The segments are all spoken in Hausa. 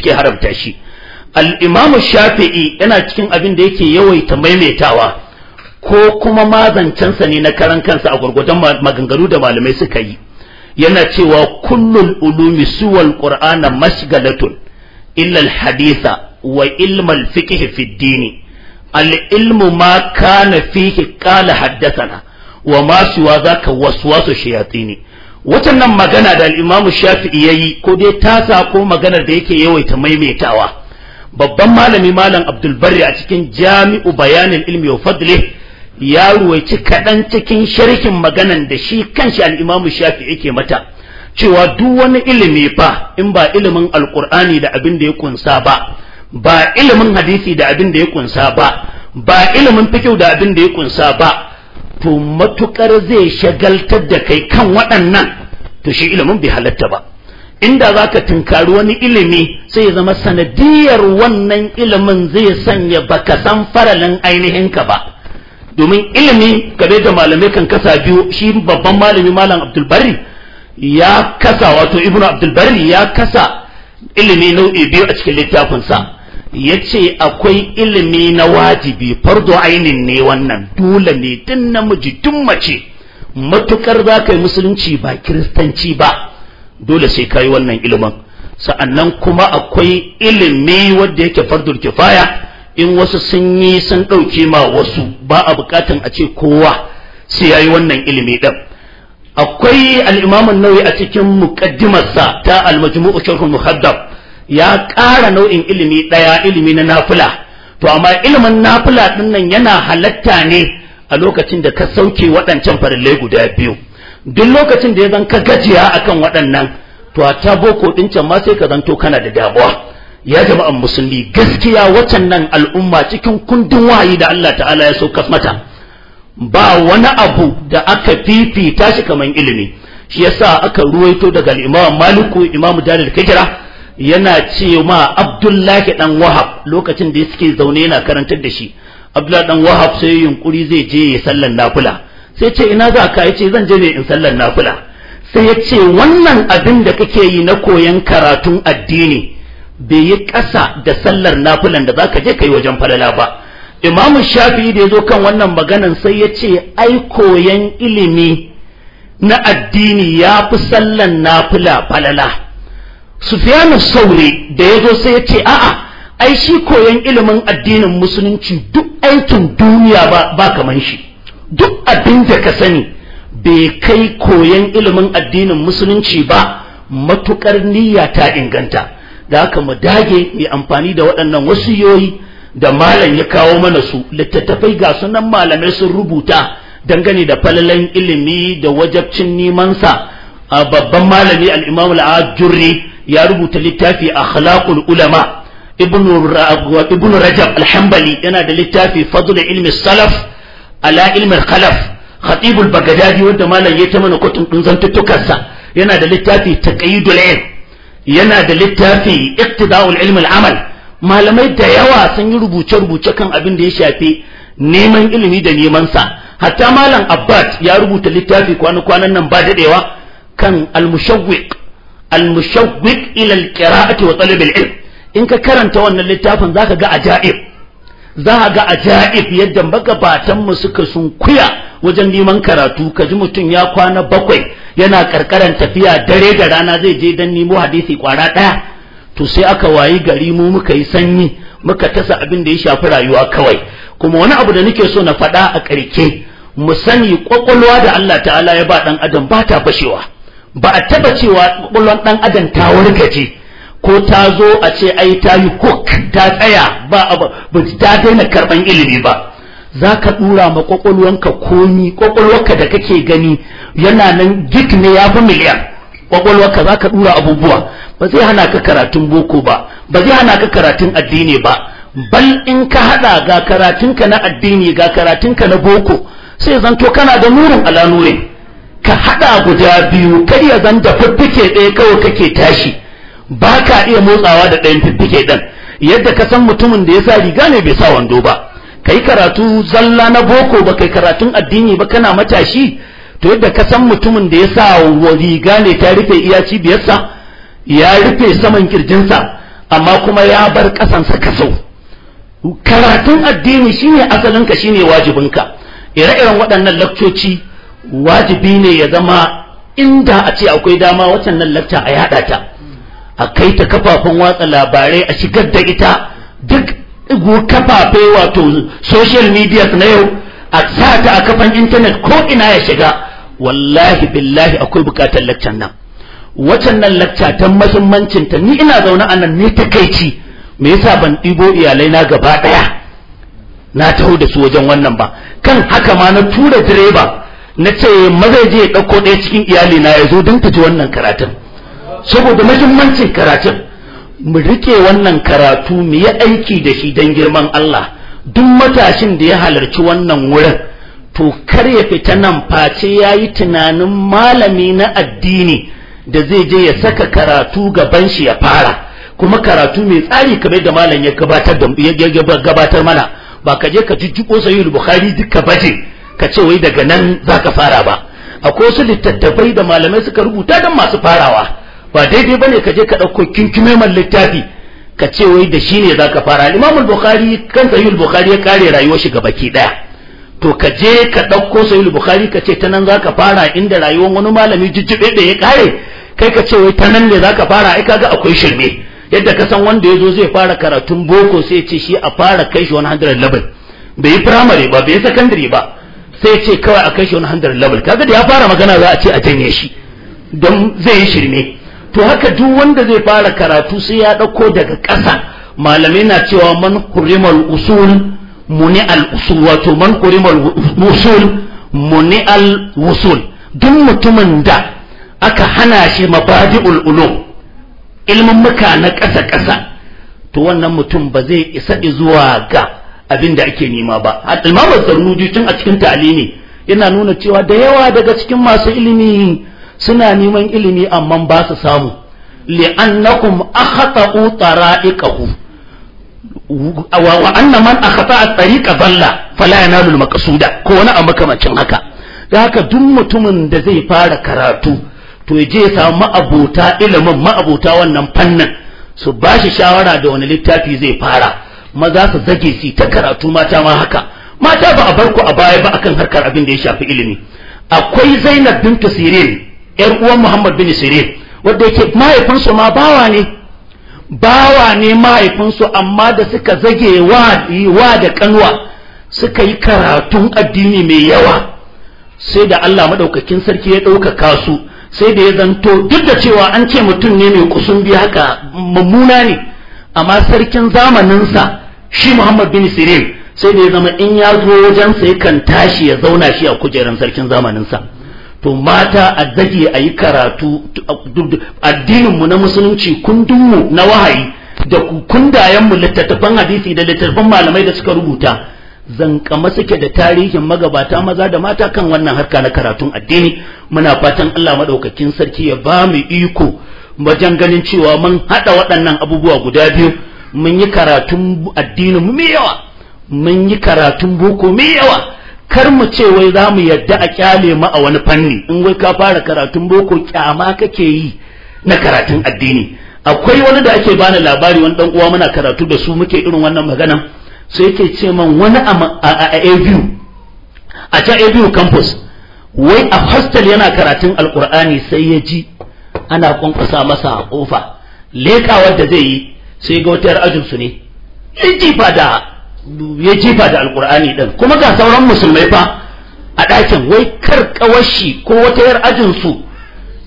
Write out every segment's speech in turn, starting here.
suke haramta shi al shafi'i yana cikin abin da yake yawaita maimaitawa ko kuma mazancensa ne na karan kansa a gwargwadon maganganu da malamai suka yi yana cewa kullun ulumi suwal qur'ana mashgalatun illal al-haditha wa ilma al-fiqh fi dini al-ilmu ma kana fihi qala haddathana wa ma siwa zaka waswasu shayatini watannan magana da al'imamu shafi'i ya ko dai ta ko maganar da yake yawaita maimaitawa babban malami malam abdulbarri a cikin jami'u bayanin ilmi wa fadli ya ruwaici kaɗan cikin sharhin maganan da shi kanshi al'imamu shafi'i yake mata cewa duk wani ilimi fa in ba ilimin alkur'ani da abin da ya kunsa ba ba ilimin hadisi da abin da ya kunsa ba ba ilimin fikihu da abin da ya kunsa ba to matukar zai shagaltar da kai kan waɗannan to shi ilimin bai halatta ba inda za ka tunkari wani ilimi sai ya zama sanadiyar wannan ilimin zai sanya baka san faralin ainihin ka ba domin ilimi game da malamai kan kasa biyu shi babban malami malam abdulbari ya kasa wato ibnu abdulbari ya kasa ilimi nau'i biyu a cikin littafinsa Ya ce akwai ilimi na wajibi fardo ainin ne wannan dole ne tun namiji tun mace matukar za ka yi musulunci ba kiristanci ba dole sai ka yi wannan ilimin sa'annan kuma akwai ilimi wanda yake fardul kifaya in wasu sun yi sun ɗauke ma wasu ba a bukatan a ce kowa sai ya yi wannan ilimi ɗin akwai al'imamun nauyi a cikin mukaddimarsa ta almajmu'u sharhul muhaddab ya ƙara nau'in ilimi ɗaya ilimi na nafula, to amma ilimin nafula ɗin nan yana halatta ne a lokacin da ka sauke waɗancan farillai guda biyu duk lokacin da ya zan ka gajiya akan waɗannan to a ta boko ɗin can ma sai ka zanto kana da damuwa ya jama'an musulmi gaskiya waccan nan al'umma cikin kundin wayi da Allah ta'ala ya sauka mata ba wani abu da aka fifita shi kamar ilimi shi yasa aka ruwaito daga al-Imam Maliku Imam Dalil kijira yana ce ma abdullahi dan wahab lokacin da suke zaune yana karantar da shi abdullahi dan wahab sai yunkuri zai je ya sallan nafila sai ce ina za ka yace zan je ne in sallan nafila sai ya ce wannan abin da kake yi na koyan karatun addini bai yi ƙasa da sallar nafilan da za ka je kai wajen falala ba imamu shafi'i da ya zo kan wannan maganan sai ya ce ai koyan ilimi na addini ya fi sallan nafila falala sufiyanu saure da ya zo sai ya ce a'a ai shi koyon ilimin addinin musulunci duk aikin duniya ba, ba kaman shi duk abin da ka sani bai kai koyon ilimin addinin musulunci ba matuƙar niyya ta inganta da haka mu dage mai amfani da waɗannan wasu wasiyoyi da malam ya kawo mana su littattafai ga sunan malamai sun rubuta dangane da falalan ilimi da wajabcin nemansa a babban malami al'imamu al'ajurri ya rubuta littafi akhlaqul ulama ibnu rajab alhambali yana da littafi fadl ilmi salaf ala ilmi khalaf khatibul bagadadi wanda malam ya ta mana kotun din zantuttukansa yana da littafi taqyidul ilm yana da littafi iqtida'ul ilm al-amal malamai da yawa sun yi rubuce rubuce kan abin da ya shafi neman ilimi da neman sa hatta malam abbas ya rubuta littafi kwana kwanan nan ba dadewa kan al-mushawwiq al-mushawwiq ila al-qira'ati wa talab al-ilm in ka karanta wannan littafin zaka ga ajaib za ga ajaib yadda magabatan mu suka kuya wajen neman karatu kaji mutum ya kwana bakwai yana karkaran tafiya dare da rana zai je dan nemo hadisi kwara daya to sai aka wayi gari mu muka yi sanyi muka tasa abin da ya shafi rayuwa kawai kuma wani abu da nake so na faɗa a ƙarke mu sani ƙwaƙwalwa da Allah ta'ala ya ba ɗan adam ba ta fashewa ba a taba cewa kwakwalwar ɗan adam ta warkace ko ta zo a ce ai ta yi hook ta tsaya ba ba ta daina karban ilimi ba za ka dura ma kwakwalwanka komi kwakwalwarka da kake gani yana nan git ne ya fi miliyan kwakwalwarka za ka dura abubuwa ba zai hana ka karatun boko ba ba zai hana ka karatun addini ba bal in ka haɗa ga karatunka na addini ga karatunka na boko sai zanto kana da nurin ala nurin ka haɗa guda biyu kar ya zan da fiffike ɗaya kawai kake tashi ba ka iya motsawa da ɗayan fiffike ɗin yadda ka san mutumin da ya sa riga ne bai sa wando ba ka yi karatu zalla na boko ba kai karatun addini ba kana matashi to yadda ka san mutumin da ya sa riga ne ta rufe iya cibiyarsa ya rufe saman kirjinsa amma kuma ya bar ƙasansa kaso karatun addini shine asalinka shine wajibinka ire-iren waɗannan lakcoci wajibi ne ya zama inda a ce akwai dama waccan nan lakta a yada ta a kai ta kafafen watsa labarai a shigar da ita duk kafafe wato social media na yau a sa ta a kafan intanet ko ina ya shiga wallahi billahi akwai bukatar laccan nan waccan nan lacca ta mahimmancin ta ni ina zaune a nan ne ta takaici me yasa ban ɗibo iyalai na gaba ɗaya na taho da su wajen wannan ba kan haka ma na tura direba na ce maza je ya ɗauko ɗaya cikin iyali na ya zo don ta ji wannan karatun saboda mahimmancin karatun mu rike wannan karatu mu yi aiki da shi don girman Allah duk matashin da ya halarci wannan wurin to kar ya fita nan face ya yi tunanin malami na addini da zai je ya saka karatu gaban shi ya fara kuma karatu mai tsari kamar da malam ya gabatar mana ba ka je ka jujjuko sayi bukhari duka baje ka ce wai daga nan za ka fara ba akwai wasu littattafai da malamai suka rubuta don masu farawa ba daidai ba ne ka je ka ɗauko kinkimeman littafi ka ce wai da shi ne za ka fara imamul bukhari kan sayul bukhari ya kare rayuwar shi ga baki ɗaya to ka je ka ɗauko sayul bukhari ka ce ta nan za ka fara inda rayuwar wani malami jujjube da ya kare kai ka ce wai ta nan ne za ka fara ai kaga akwai shirme yadda ka san wanda ya zo zai fara karatun boko sai ya ce shi a fara kai shi 111 bai yi firamare ba bai yi sakandare ba sai ce kawai a kai shi wani hundred level kaga da ya fara magana za a ce a janye shi don zai yi shirme to haka duk wanda zai fara karatu sai ya ɗauko daga ƙasa malamai na cewa man kurimal usul muni al usul wato man kurimal usul muni al usul duk mutumin da aka hana shi mabadi'ul ulum ilmin muka na ƙasa ƙasa to wannan mutum ba zai isa zuwa ga abin da ake nema ba al'amma zarnuji tun a cikin ne yana nuna cewa da yawa daga cikin masu ilimi suna neman ilimi amma ba su samu li'annakum akhata'u tara'iqahu wa anna man akhata'a tariqa dalla fala yanalu al-maqsuda ko wani a makamancin haka da haka duk mutumin da zai fara karatu to ya je samu abota ilimin abota wannan fannin su ba shi shawara da wani littafi zai fara maza su zage su ta karatu mata ma haka mata ba a barku a baya ba akan harkar abin da ya shafi ilimi akwai Zainab bintu Sirin yar uwan Muhammad bin Sirin wanda yake mahaifinsu ma bawa ne bawa ne mahaifinsu amma da suka zage wa da kanwa suka yi karatun addini mai yawa sai da Allah madaukakin sarki ya ɗaukaka su sai da ya zanto duk da cewa an ce mutum ne mai kusun biya haka mummuna ne amma sarkin zamaninsa shi Muhammad bin Sirin sai da ya zama in ya zo wajen sai kan tashi ya zauna shi a kujeran sarkin zamaninsa to mata a zage a yi karatu addininmu na musulunci kundinmu na wahayi da kundayenmu littattafan hadisi da littattafan malamai da suka rubuta zankama suke da tarihin magabata maza da mata kan wannan harka na karatun addini muna fatan Allah madaukakin sarki ya ba mu iko wajen ganin cewa mun haɗa waɗannan abubuwa guda biyu mun yi karatun addinin mu yawa mun yi karatun boko mu yawa kar mu ce wai za mu yadda a kyale mu a wani fanni in wai ka fara karatun boko kyama kake yi na karatun addini akwai wani da ake bani labari wani dan uwa muna karatu da su muke irin wannan magana sai yake ce man wani a ABU a ta ABU campus wai a hostel yana karatun alkur'ani sai ya ji ana kwankwasa masa a kofa leka wadda zai yi sai ga wata ajin su ne ya jifa da alkur'ani din kuma ga sauran musulmai fa a ɗakin wai kar kawashi ko wata yar ajin su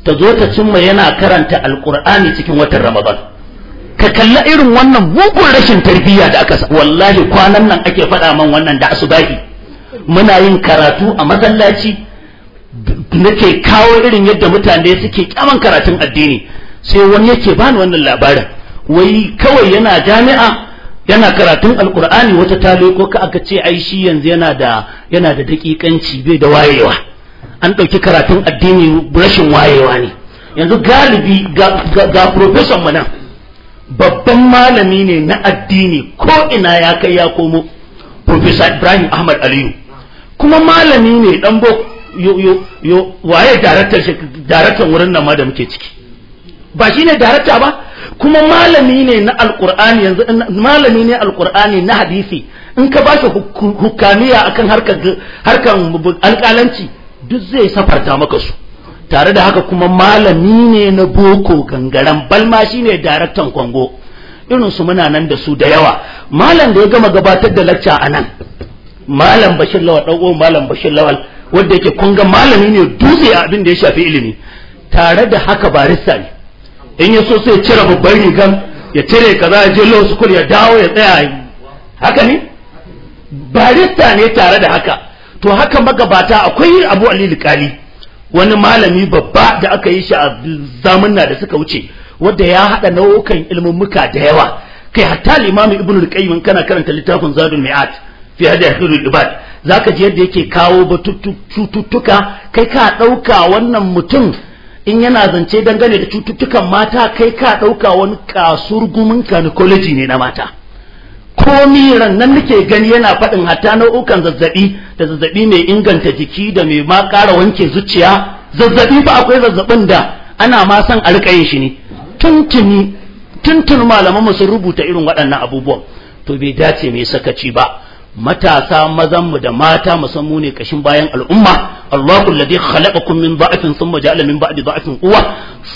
ta zo ta cimma yana karanta alkur'ani cikin watan ramadan ka kalla irin wannan mugun rashin tarbiyya da aka wallahi kwanan nan ake faɗa man wannan da asubahi muna yin karatu a masallaci nake kawo irin yadda mutane suke kyaman karatun addini sai wani yake bani wannan labarin wai kawai yana jami'a yana karatun alkur'ani wata ta ko ka aka ce ai shi yanzu yana da yana da dakikanci bai da wayewa an ɗauki karatun addini rashin wayewa ne yanzu galibi ga, ga, mana babban malami ne na addini ko ina ya kai ya komo professor ibrahim ahmad aliyu kuma malami ne dan boko waye daraktan wurin nan ma da muke ciki ba shi ne darakta ba kuma malami ne na alkur'ani yanzu malami ne alkur'ani na hadisi in ka bashi hukamiya akan harkar harkan alƙalanci duk zai safarta maka su tare da haka kuma malami ne na boko gangaren balma shi ne daraktan kwango irin su muna nan da su da yawa malam da ya gama gabatar da lacca a nan malam bashir lawal ɗan malam bashir lawal wanda yake kun ga malami ne dutse a abin da ya shafi ilimi tare da haka barista ne in ya so sai cire babban rigan ya cire kaza ya je law school ya dawo ya tsaya haka ne barista ne tare da haka to haka magabata akwai abu alil kali wani malami babba da aka yi shi a zamanna da suka wuce wanda ya hada nau'ukan ilmummuka da yawa kai hatta limamin ibnu al-qayyim kana karanta littafin zadul mi'at fi hadi akhirul ibad zaka ji yadda yake kawo cututtuka kai ka ɗauka wannan mutum in yana zance dangane da cututtukan mata kai ka ɗauka wani gumin gynecology ne na mata komi nan nake gani yana faɗin hatta nau'ukan zazzaɓi da zazzaɓi mai inganta jiki da mai ma ƙara wanke zuciya zazzaɓi ba akwai zazzaɓin da ana ma son a riƙa yin shi ne tuntuni tuntun malamanmu sun rubuta irin waɗannan abubuwan to bai dace mai sakaci ba matasa mazan mu da mata musammu ne kashin bayan al'umma Allahu alladhi khalaqakum min da'afin thumma ja'ala min ba'di da'afin quwwa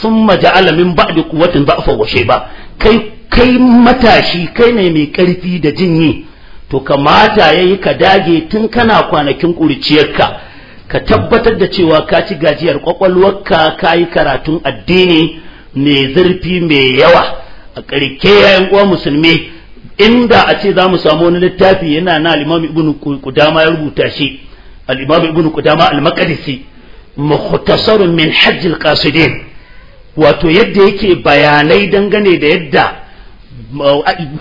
thumma ja'ala min ba'di quwwatin da'fan wa shayba kai kai matashi kai ne mai karfi da jinyi to kamata yayi ka dage tun kana kwanakin kuriciyarka ka tabbatar da cewa ka ci gajiyar kwakwalwarka ka karatun addini mai zurfi mai yawa a ƙarke yayin uwa musulmi inda a ce za mu samu wani littafi yana na al-imam ibn qudama ya rubuta shi al-imam ibn qudama al-maqdisi mukhtasar min hajj al-qasidin wato yadda yake bayanai dangane da yadda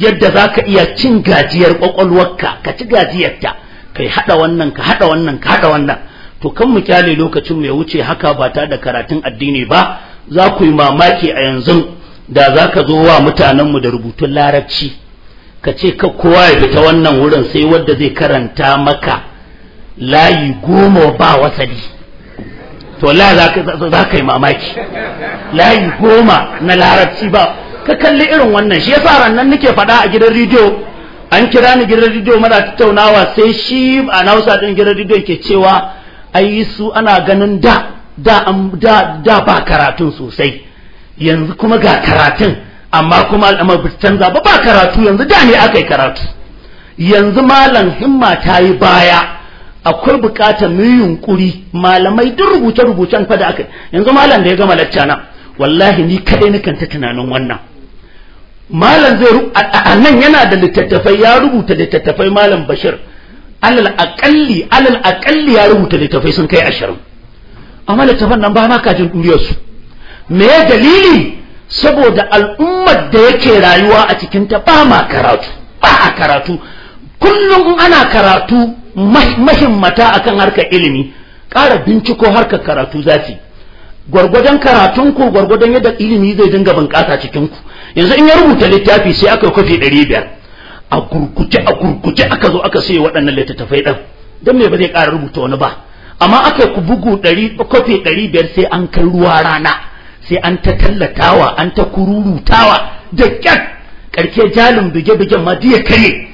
yadda zaka iya cin gajiyar kwakwalwarka ka ci gajiyarta kai hada wannan ka hada wannan ka hada wannan to kan mu kyale lokacin mu ya wuce haka ba ta da karatun addini ba za ku yi mamaki a yanzu da zaka zo wa mutanen mu da rubutun larabci ka ce ka kowa ya fita wannan wurin sai wadda zai karanta maka layi goma ba wasadi to la za ka yi mamaki layi goma na larabci ba ka kalli irin wannan shi yasa rannan nake faɗa a gidan rediyo an kira ni gidan rediyo mara tattaunawa sai shi a nausa din gidan rediyo ke cewa ai su ana ganin da ba karatun sosai yanzu kuma ga karatun amma kuma al'amar ba canza ba ba karatu yanzu da ne aka yi karatu yanzu malam himma ta yi baya akwai bukatar mu yunkuri malamai duk rubuce rubucen fa da aka yanzu malam da ya gama lacca na wallahi ni kadai nakan ta tunanin wannan malam zai a nan yana da littattafai ya rubuta littattafai malam bashir alal aƙalli alal aƙalli ya rubuta littattafai sun kai ashirin amma littattafan nan ba ma kajin ɗuriyarsu me dalili saboda al'ummar da yake rayuwa a cikin ta ba ma karatu ba a karatu kullum ana karatu mahimmata akan harka ilimi Kara binciko harka karatu zafi gwargwadon karatunku gwargwadon yadda ilimi zai dinga bunƙasa ku yanzu in ya rubuta littafi sai aka kofi ɗari biyar a gurguje a gurguje aka zo aka sai waɗannan littattafai ɗan don me ba zai ƙara rubuta wani ba amma aka ku bugu kwafi ɗari biyar sai an kai ruwa rana sai an ta tallatawa an ta kururutawa da kyar karke jalin bige-bigen ma ya kare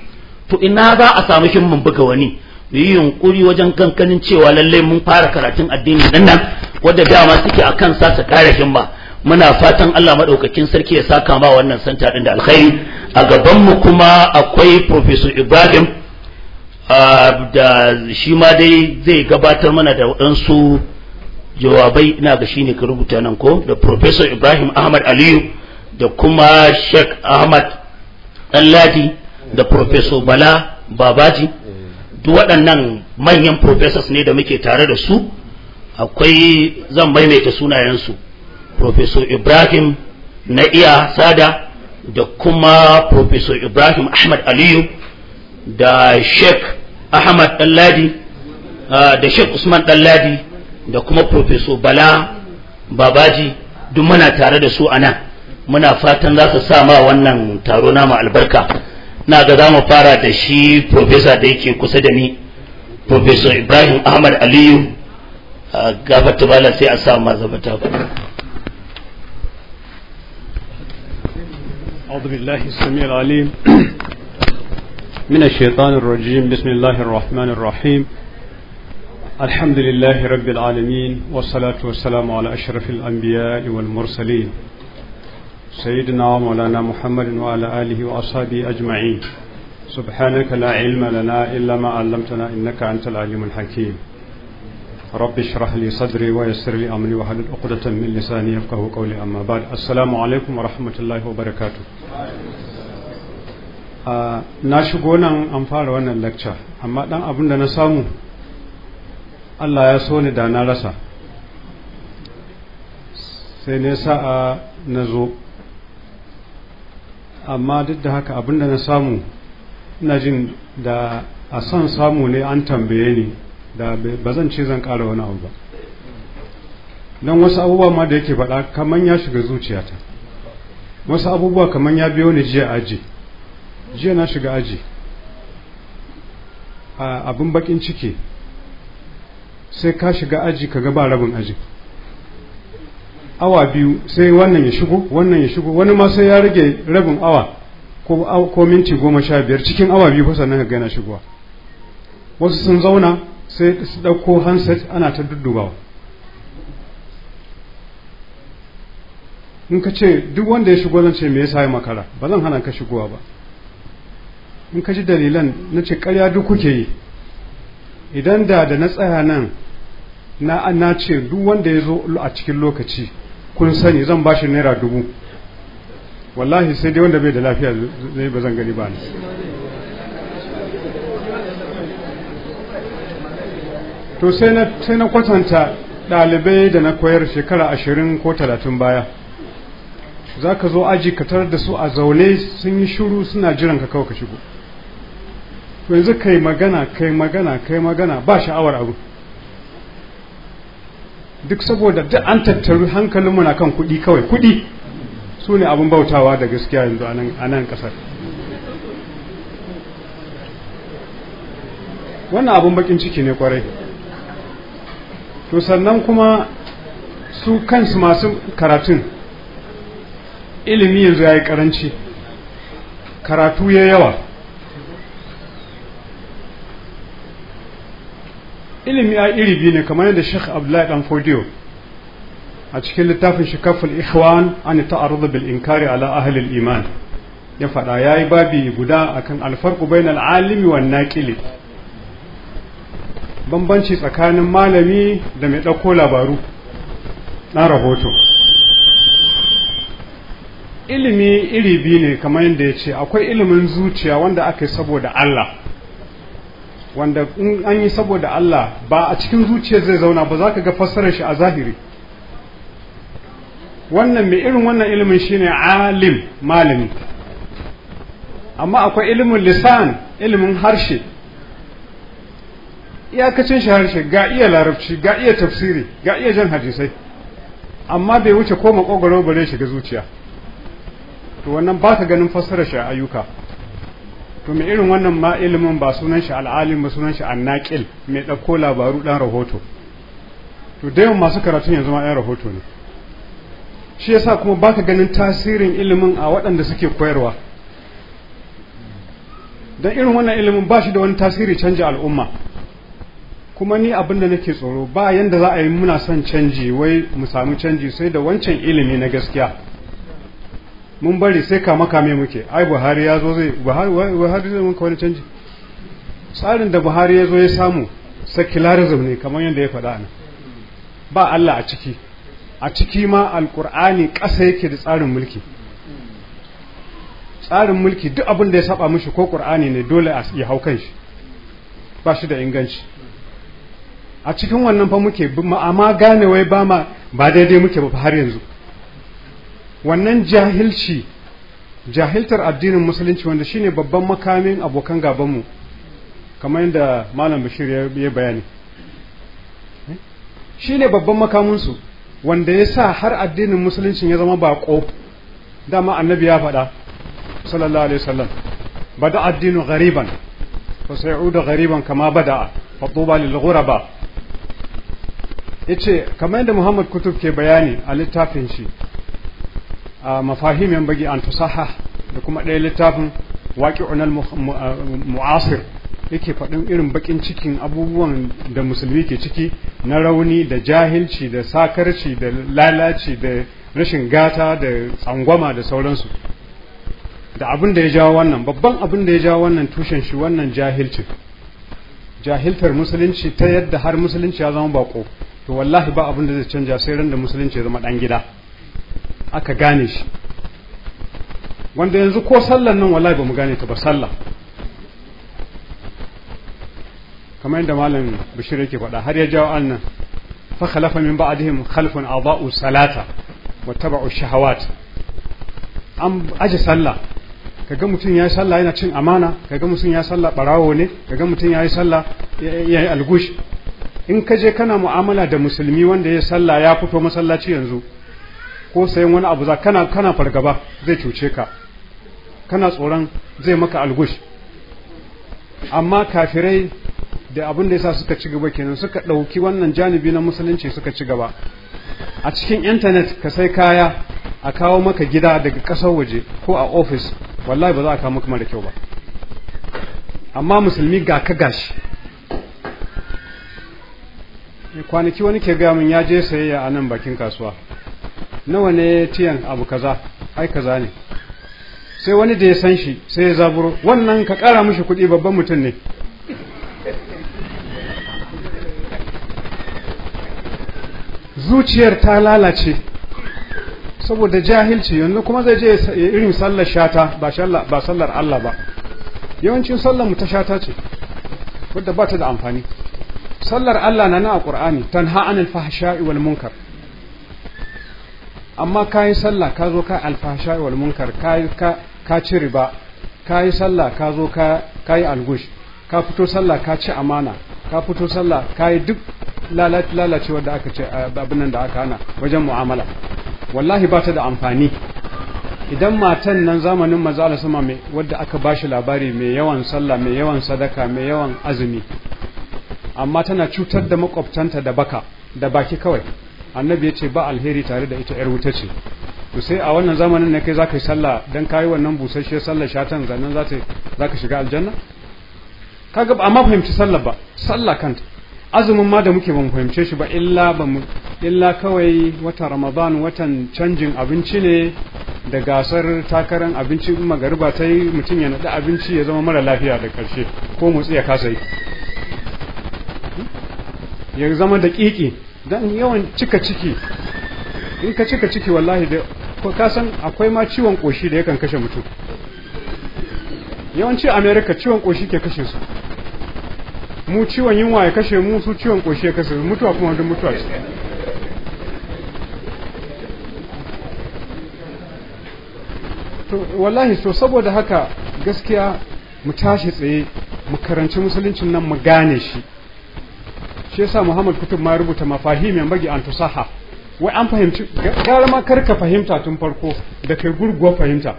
to ina za a samu himmin buga wani yi yunkuri wajen kankanin cewa lalle mun fara karatun addini nan nan wadda dama suke akan kan sa su himma muna fatan Allah madaukakin sarki ya saka ma wannan santa din da alkhairi a gaban mu kuma akwai professor Ibrahim ah, da shi ma dai zai gabatar mana da waɗansu jawabai ina ga shine ka rubuta nan ko da professor Ibrahim Ahmad Aliyu da kuma Sheikh Ahmad ɗanladi da professor Bala Babaji duk waɗannan manyan professors ne da muke tare da su akwai zan maimaita sunayensu professor Ibrahim na iya sada da kuma professor Ibrahim Ahmad Aliyu da Sheikh Ahmad Dalladi ah, da Sheikh Usman ɗanladi da kuma professor bala babaji duk muna tare da su a nan muna fatan za su sa ma wannan taro namu albarka na ga za mu fara da shi profesa da yake kusa da ni professor ibrahim ahmad aliyu gafata bala sai a sa mazabata أعوذ بالله السميع العليم من الشيطان الرجيم بسم الله الرحمن الرحيم الحمد لله رب العالمين والصلاة والسلام على أشرف الأنبياء والمرسلين سيدنا مولانا محمد وعلى آله وأصحابه أجمعين سبحانك لا علم لنا إلا ما علمتنا إنك أنت العليم الحكيم رب اشرح لي صدري ويسر لي أمري وحلل عقدة من لساني يفقه قولي أما بعد السلام عليكم ورحمة الله وبركاته na shigo nan an fara wannan lecture amma dan abin da na samu Allah ya so ni da na rasa sai ne sa'a na zo amma duk da haka abinda na samu ina jin da a son samu ne an tambaye ni da ba zan ce zan ƙara wani abu ba don wasu abubuwa ma da yake faɗa kamar ya shiga zuciyata wasu abubuwa kamar ya biyo ni jiya aji jiya na shiga aji abin bakin ciki sai ka shiga aji ka ga ba rabin aji awa biyu sai wannan ya shigo wannan ya shigo wani ma sai ya rage rabin awa ko minti goma sha biyar cikin awa biyu ko sannan ka ga yana shigowa wasu sun zauna sai su ɗauko handset ana ta duddubawa in ka ce duk wanda ya shigo zan ce me yasa ya makara ba zan hana ka shigowa ba in ka ji dalilan na ce karya duk kuke yi idan da da na tsaya nan na na ce duk wanda ya zo a cikin lokaci kun sani zan ba shi naira dubu wallahi sai dai wanda bai da lafiya zai ba zan gani ba ne. to sai na sai kwatanta ɗalibai da na koyar shekara ashirin ko talatin baya za ka zo aji ka tarar da su a zaune sun yi shuru suna jiran ka kawai ka shigo yanzu kai magana kai magana kai magana ba sha'awar abu duk saboda duk an tattaru hankalinmu na kan kuɗi kawai kuɗi su ne abin bautawa da gaskiya yanzu a nan ƙasar wannan abin bakin ciki ne kwarai to sannan kuma su kansu masu karatun ilimi yanzu ya yi karanci karatu ya yawa ilimi a iri biyu ne kamar yadda Sheikh Abdullahi dan Fodiyo a cikin littafin Shikaful Ikhwan an ta'arud bil inkari ala ahlil iman ya faɗa yayi babi guda akan al farqu bainal alimi wan naqili bambanci tsakanin malami da mai ɗauko labaru na rahoto ilimi iri biyu ne kamar yadda ya ce akwai ilimin zuciya wanda aka yi saboda Allah wanda in an yi saboda Allah ba a cikin zuciyar zai zauna ba za ka ga fassarar shi a zahiri wannan mai irin wannan ilimin shine alim malami amma akwai ilimin lisan ilimin harshe iyakacin shi harshe ga iya larabci ga iya tafsiri ga iya jan hadisai amma bai wuce ko ba bare shiga zuciya to wannan ba ka ganin fassarar shi a ayyuka to mai irin wannan ma ilimin ba sunan shi al'alim ba sunan shi annaqil mai ɗauko labaru ɗan rahoto to da yawan masu karatu yanzu ma ɗan rahoto ne shi yasa kuma baka ganin tasirin ilimin a waɗanda suke koyarwa don irin wannan ilimin ba shi da wani tasiri canja al'umma kuma ni abin da nake tsoro ba yanda za a yi muna son canji wai mu samu canji sai da wancan ilimi na gaskiya mun bari sai kama kame muke ai buhari ya zo zai buhari zai mun wani canji tsarin da buhari ya zo ya samu secularism ne kamar yadda ya faɗa nan ba Allah a ciki a ciki ma alkur'ani ƙasa yake da tsarin mulki tsarin mulki duk abin da ya saba mushi ko ƙur'ani ne dole ya hau kan shi ba shi da inganci a cikin wannan fa muke ma gane wai ba ma ba daidai muke ba har yanzu wannan jahilci jahiltar addinin musulunci wanda shine babban makamin abokan gabanmu kamar yadda malam bashir ya bayani eh? shine babban makaminsu wanda ya sa har addinin musulunci ya zama bako dama annabi ya faɗa sallallahu alaihi wasallam bada addinu ghariban fa sayudu ghariban kama bada fa tuba lil ghuraba yace kamar yadda Muhammad Kutub ke bayani a littafin shi mafahim yan bagi an tusaha da kuma ɗaya littafin waƙi unal mu'asir yake faɗin irin baƙin cikin abubuwan da musulmi ke ciki na rauni da jahilci da sakarci da lalaci da rashin gata da tsangwama da sauransu da abin da ya jawo wannan babban abin da ya jawo wannan tushen shi wannan jahilcin jahiltar musulunci ta yadda har musulunci ya zama bako to wallahi ba abin da zai canja sai ran da musulunci ya zama ɗan gida aka gane shi wanda yanzu ko sallan nan wallahi ba mu gane ta ba sallah kamar yadda malam bishir yake faɗa har ya jawo annan fa khalafa min ba'dihim khalfun adha'u salata wa tabu shahawat an aje sallah kaga mutum yayi sallah yana cin amana kaga mutum yayi sallah barawo ne kaga mutum yayi sallah yayi algush in ka je kana mu'amala da musulmi wanda ya sallah ya fito masallaci yanzu ko sayan wani abu za kana kana fargaba zai cuce ka kana tsoron zai maka algush amma kafirai da abin da yasa suka ci gaba kenan suka ɗauki wannan janibi na musulunci suka ci gaba a cikin intanet ka sai kaya a kawo maka gida daga kasar waje ko a ofis wallahi ba za a kawo maka mara kyau ba amma musulmi ga ka gashi kwanaki wani ke gaya min ya je sayayya a nan bakin kasuwa nawa ne tiyan abu kaza ai kaza ne sai wani da ya san shi sai ya zaburo wannan ka kara mishi kuɗi babban mutum ne zuciyar ta lalace saboda jahilci yanzu kuma zai je irin sallar shata ba sallar Allah ba yawancin sallar mu ta shata ce wadda ba ta da amfani sallar Allah na na a Qur'ani tanha anil fahsha'i wal munkar amma ka yi sallah ka zo ka alfasha wal munkar ka ci riba ka yi sallah ka zo ka yi algush ka fito sallah ka ci amana ka fito sallah ka yi duk lalace da aka ce eh, abinan da aka hana wajen mu'amala wallahi ba ta da amfani idan matan nan zamanin maza ala sama mai wadda aka ba shi labari mai yawan sallah mai yawan sadaka mai yawan azumi amma tana cutar da makwabtanta da baka da baki kawai annabi ya ce ba alheri tare da ita yar wuta ce to sai a wannan zamanin ne kai zaka yi sallah dan kai wannan busasshe sallah shatan zanen za ka zaka shiga aljanna kaga ba amma fahimci sallah ba sallah kanta azumin ma da muke mu fahimce shi ba illa ba mu illa kawai wata ramadan watan canjin abinci ne da gasar takaran abinci magariba ta yi mutum ya naɗi abinci ya zama mara lafiya da ƙarshe ko motsi ya kasa yi ya zama da ƙiƙi dan yawan cika ciki in ka cika ciki wallahi da ka san akwai ma ciwon koshi da yakan kashe mutum yawanci america ciwon koshi ke kashe su mu ciwon yunwa ya kashe mu su ciwon koshi ya kashe mutuwa kuma wanda mutuwa ce to wallahi so saboda haka gaskiya mu tashi tsaye mu karanci musuluncin nan mu gane shi shi yasa Muhammad Kutub ma rubuta mafahim bagi an tusaha wai an fahimci gara ma karka fahimta tun farko da kai gurguwa fahimta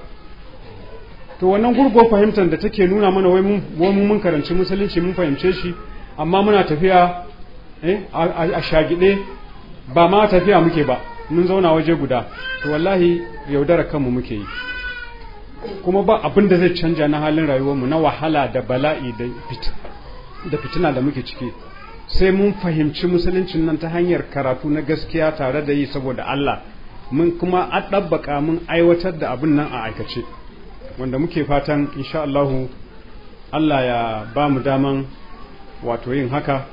to wannan gurguwa fahimtar da take nuna mana wai mun mun karanci musulunci mun fahimce shi amma muna tafiya eh, a shagide ba ma tafiya muke ba mun zauna waje guda to wallahi yaudara kanmu muke yi kuma ba abin da zai canja na halin rayuwarmu na wahala da bala'i da fitina da muke ciki sai mun fahimci musuluncin nan ta hanyar karatu na gaskiya tare da yi saboda Allah mun kuma adabbaka mun aiwatar da abin nan a aikace wanda muke fatan insha Allah Allah ya ba mu daman wato yin haka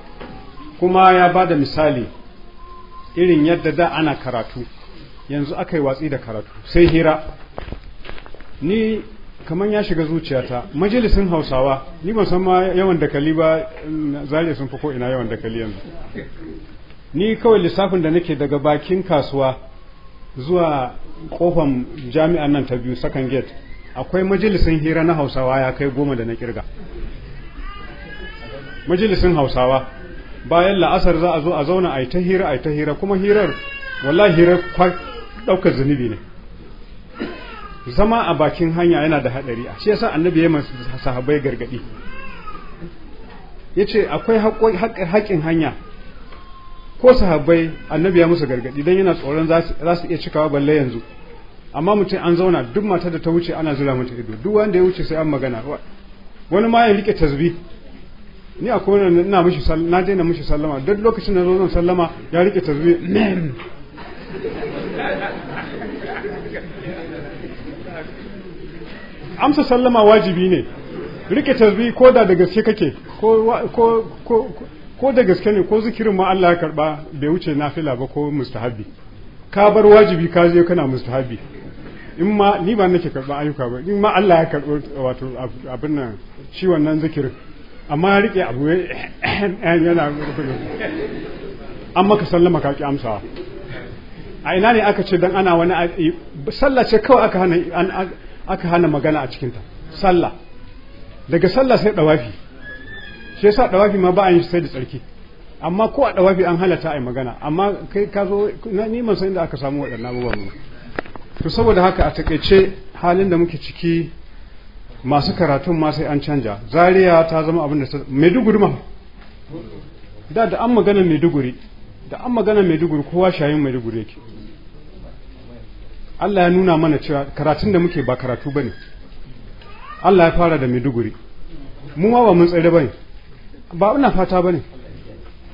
kuma ya ba da misali irin yadda da ana karatu yanzu aka yi watsi da karatu sai hira ni kamar ya shiga zuciyata majalisin hausawa ni ban san ma yawan dakali ba zariya sun fi ko ina yawan dakali yanzu ni kawai lissafin da nake daga bakin kasuwa zuwa kofan jami'an nan ta biyu second gate akwai majalisin hira na hausawa ya kai goma da na kirga majalisin hausawa bayan la'asar za a zo a zauna a yi ta hira a yi ta hira kuma hirar wallahi hirar ɗaukar zunubi ne zama a bakin hanya yana da hadari a shi yasa annabi ya masu sahabbai gargadi ce akwai haƙƙin hanya ko sahabbai annabi ya musu gargadi dan yana tsoron za su iya cikawa balle yanzu amma mutum an zauna duk mata da ta wuce ana zura mata ido duk wanda ya wuce sai an magana wani ma ya rike tasbi ni akwai wani na daina mishi sallama duk lokacin da zo zan sallama ya rike tasbi amsa sallama wajibi ne rike tasbih ko da da gaske kake ko ko ko ko da gaske ne ko zikirin ma Allah ya karba bai wuce nafila ba ko mustahabi ka bar wajibi ka je kana mustahabi in ma ni ba nake karba ayyuka ba in ma Allah ya karbo wato abin nan shi wannan zikirin amma rike abu eh, eh, eh, yana amma ka sallama ka ki amsa a ina ne aka ce dan ana wani sallace kawai aka hana aka hana magana a cikinta sallah daga sallah sai dawafi shi yasa dawafi ma ba a yin sai da tsarki amma ko a dawafi an halata a yi magana amma kai ka zo ni man san inda aka samu waɗannan abubuwan to saboda haka a takaice halin da muke ciki masu karatun ma sai an canja zariya ta zama abin da ta maiduguri ma da da an magana maiduguri da an magana maiduguri kowa shayin maiduguri yake Allah ya nuna mana cewa karatun da muke ba karatu bane Allah ya fara da Maiduguri mu ma ba mun tsere bane ba ina fata bane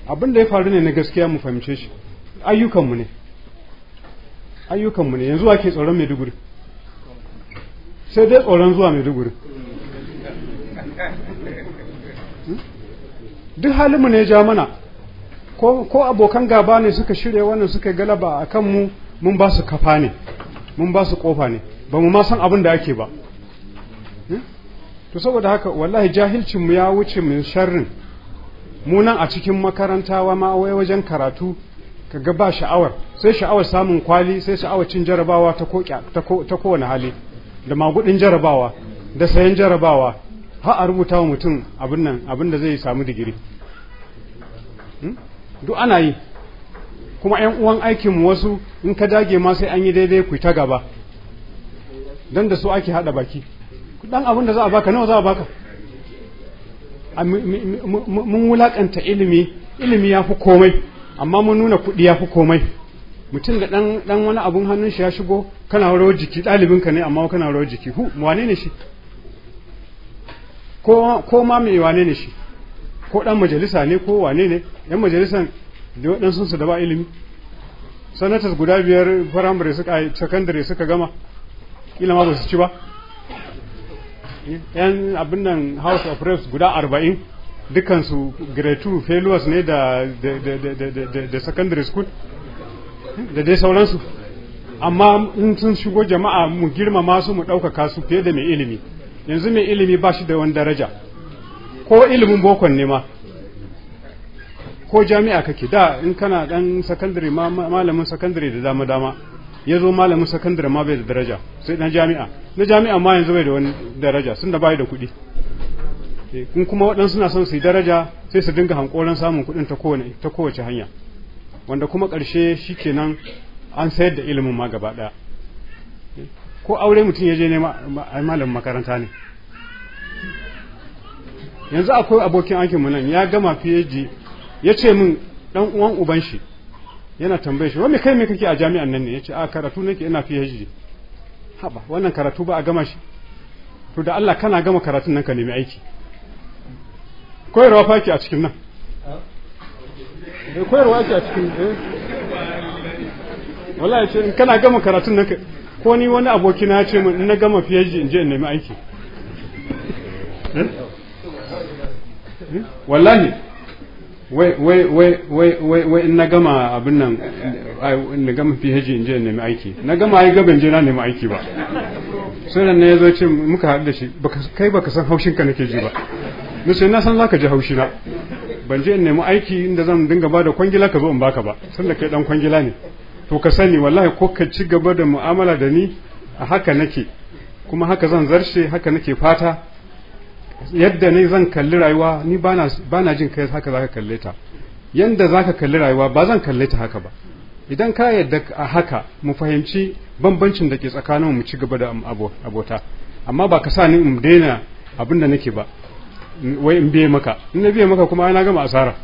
abin da ya faru ne na gaskiya mu fahimce shi ayyukanmu ne ayyukanmu ne yanzu ake tsoron Maiduguri sai dai tsoron zuwa Maiduguri duk halinmu ne ja mana ko abokan gaba ne suka shirya wannan suka galaba a kanmu mun ba su kafa ne mun ba su kofa ne ba mu ma san abin da ake ba hmm? to saboda haka wallahi jahilcin mu ya wuce min sharrin mu nan a cikin makarantawa ma wai wajen karatu kaga ba sha'awar sai sha'awar samun kwali sai sha'awar cin jarabawa ta ko wani hali da magudin jarabawa da sayan jarabawa har a rubuta wa mutum abin nan abin da zai samu digiri hmm? duk ana yi kuma yan uwan aikin mu wasu in ka dage ma sai an yi daidai ku ta gaba dan da su ake haɗa baki dan abin da za a baka nawa za a baka mun wulakanta ilimi ilimi ya fi komai amma mun nuna kuɗi ya fi komai mutum da dan wani abun hannun shi ya shigo kana rawar jiki ɗalibinka ne amma kana rawar jiki hu wane ne shi ko ma mai wane ne shi ko dan majalisa ne ko wane ne yan majalisan da waɗansu su da ba ilimi sanatas guda biyar firamare suka sakandare suka gama kila ma ba su ci ba yan abin nan house of reps guda arba'in dukansu grade two ne da da secondary school da dai sauransu amma in sun shigo jama'a mu girmama su mu ɗaukaka su fiye da mai ilimi yanzu mai ilimi ba shi da wani daraja ko ilimin bokon ne ma ko jami'a kake da in kana dan sakandare malamin sakandare da dama dama ya zo malamin sakandare ma bai da daraja sai dan jami'a na jami'a ma yanzu bai da wani daraja sun da bai da kuɗi eh, in kuma waɗansu suna son su yi daraja sai su dinga hankoran samun kuɗin ta kowane ta kowace hanya wanda kuma ƙarshe shikenan an sayar da ilimin ma gaba ɗaya ko aure mutum ya je ne malamin makaranta ne yanzu akwai abokin mu nan ya gama PhD ya ce min ɗan uwan uban shi yana tambaye shi wani kai me kake a jami'an nan ne ya ce a karatu nake ina PhD haba wannan karatu ba a gama shi to da Allah kana gama karatun nan ka nemi aiki koyarwa faki a cikin nan eh, koyarwa ake a cikin eh wallahi ce kana gama karatun nan ko ni wani aboki na ce min na gama PhD in je in nemi aiki eh? Eh? wallahi wai in na gama abin nan na gama PhD in je in nemi aiki na gama ai gaban je na nemi aiki ba sai nan ne yazo ce muka haɗu da shi kai baka san haushin ka nake ji ba na sai na san zaka ji haushina ban je in nemi aiki inda zan dinga bada kwangila ka zo in baka ba sanda kai dan kwangila ne to ka sani wallahi ko ka ci gaba da mu'amala da ni a haka nake kuma haka zan zarce haka nake fata yadda ne zan kalli rayuwa ni ba na jin kai haka zaka kalle ta za ka kalli rayuwa ba zan kalli ta haka ba idan ka yadda a haka mu fahimci bambancin da ke tsakanin mu ci gaba da abota amma ba ka sa ni in daina abin da nake ba wai in biye maka in na biye maka kuma ana gama asara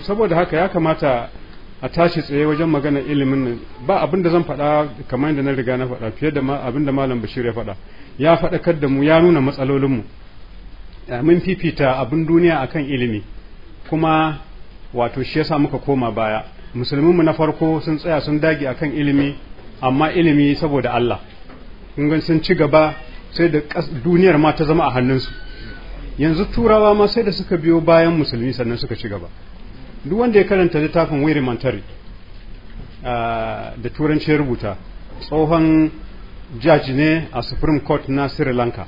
saboda haka ya kamata a tashi tsaye wajen magana ilimin nan ba abin da zan faɗa kamar yadda na riga na faɗa fiye da abin da malam bashir ya faɗa ya faɗakar da mu ya nuna matsalolinmu mun fifita abin duniya a kan ilimi kuma wato shi yasa muka koma baya musulminmu na farko sun tsaya sun dage akan ilimi amma ilimi saboda Allah kun sun ci gaba sai da duniyar ma ta zama a hannunsu yanzu turawa ma sai da suka biyo bayan musulmi sannan suka ci gaba duk wanda ya karanta littafin wiri mantari ah, da turanci ya rubuta tsohon judge ne a supreme court na sri lanka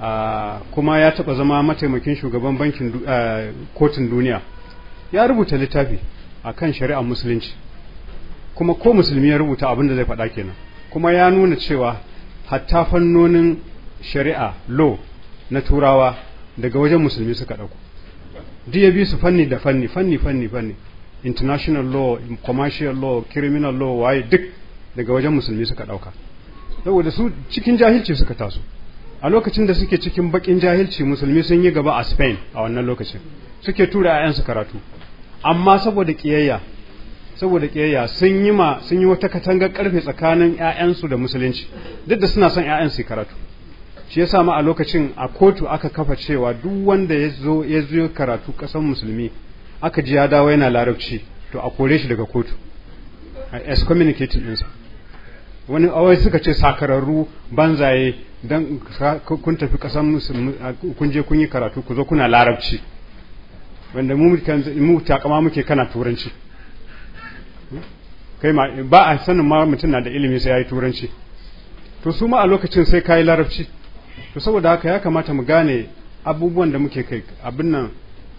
uh, kuma ya taɓa zama mataimakin shugaban bankin uh, kotun duniya ya rubuta littafi a kan shari'ar musulunci kuma ko musulmi ya rubuta abin da zai faɗa kenan kuma ya nuna cewa hatta fannonin shari'a law na turawa daga wajen musulmi suka ɗauko duk ya bi su fanni da fanni fanni fanni fanni international law commercial law criminal law waye duk daga wajen musulmi suka ɗauka saboda su cikin jahilci suka taso a lokacin da suke cikin bakin jahilci musulmi sun yi gaba a Spain a wannan lokacin suke tura 'ya'yansu karatu amma saboda kiyayya saboda kiyayya sun yi ma sun yi wata katangar karfe tsakanin 'ya'yansu da musulunci duk da suna son 'ya'yansu karatu shi yasa ma a lokacin a kotu aka kafa cewa duk wanda ya zo ya zo karatu kasan musulmi aka ji ya dawo yana larabci to a kore shi daga kotu excommunicating ɗinsa wani awai suka ce sakararru banzaye don kun tafi kasan kun je kun yi karatu ku zo kuna larabci wanda mu mu takama muke kana turanci kai ma ba a sanin ma mutum na da ilimi sai yayi turanci to su ma a lokacin sai kai larabci to saboda haka ya kamata mu gane abubuwan da muke kai abin nan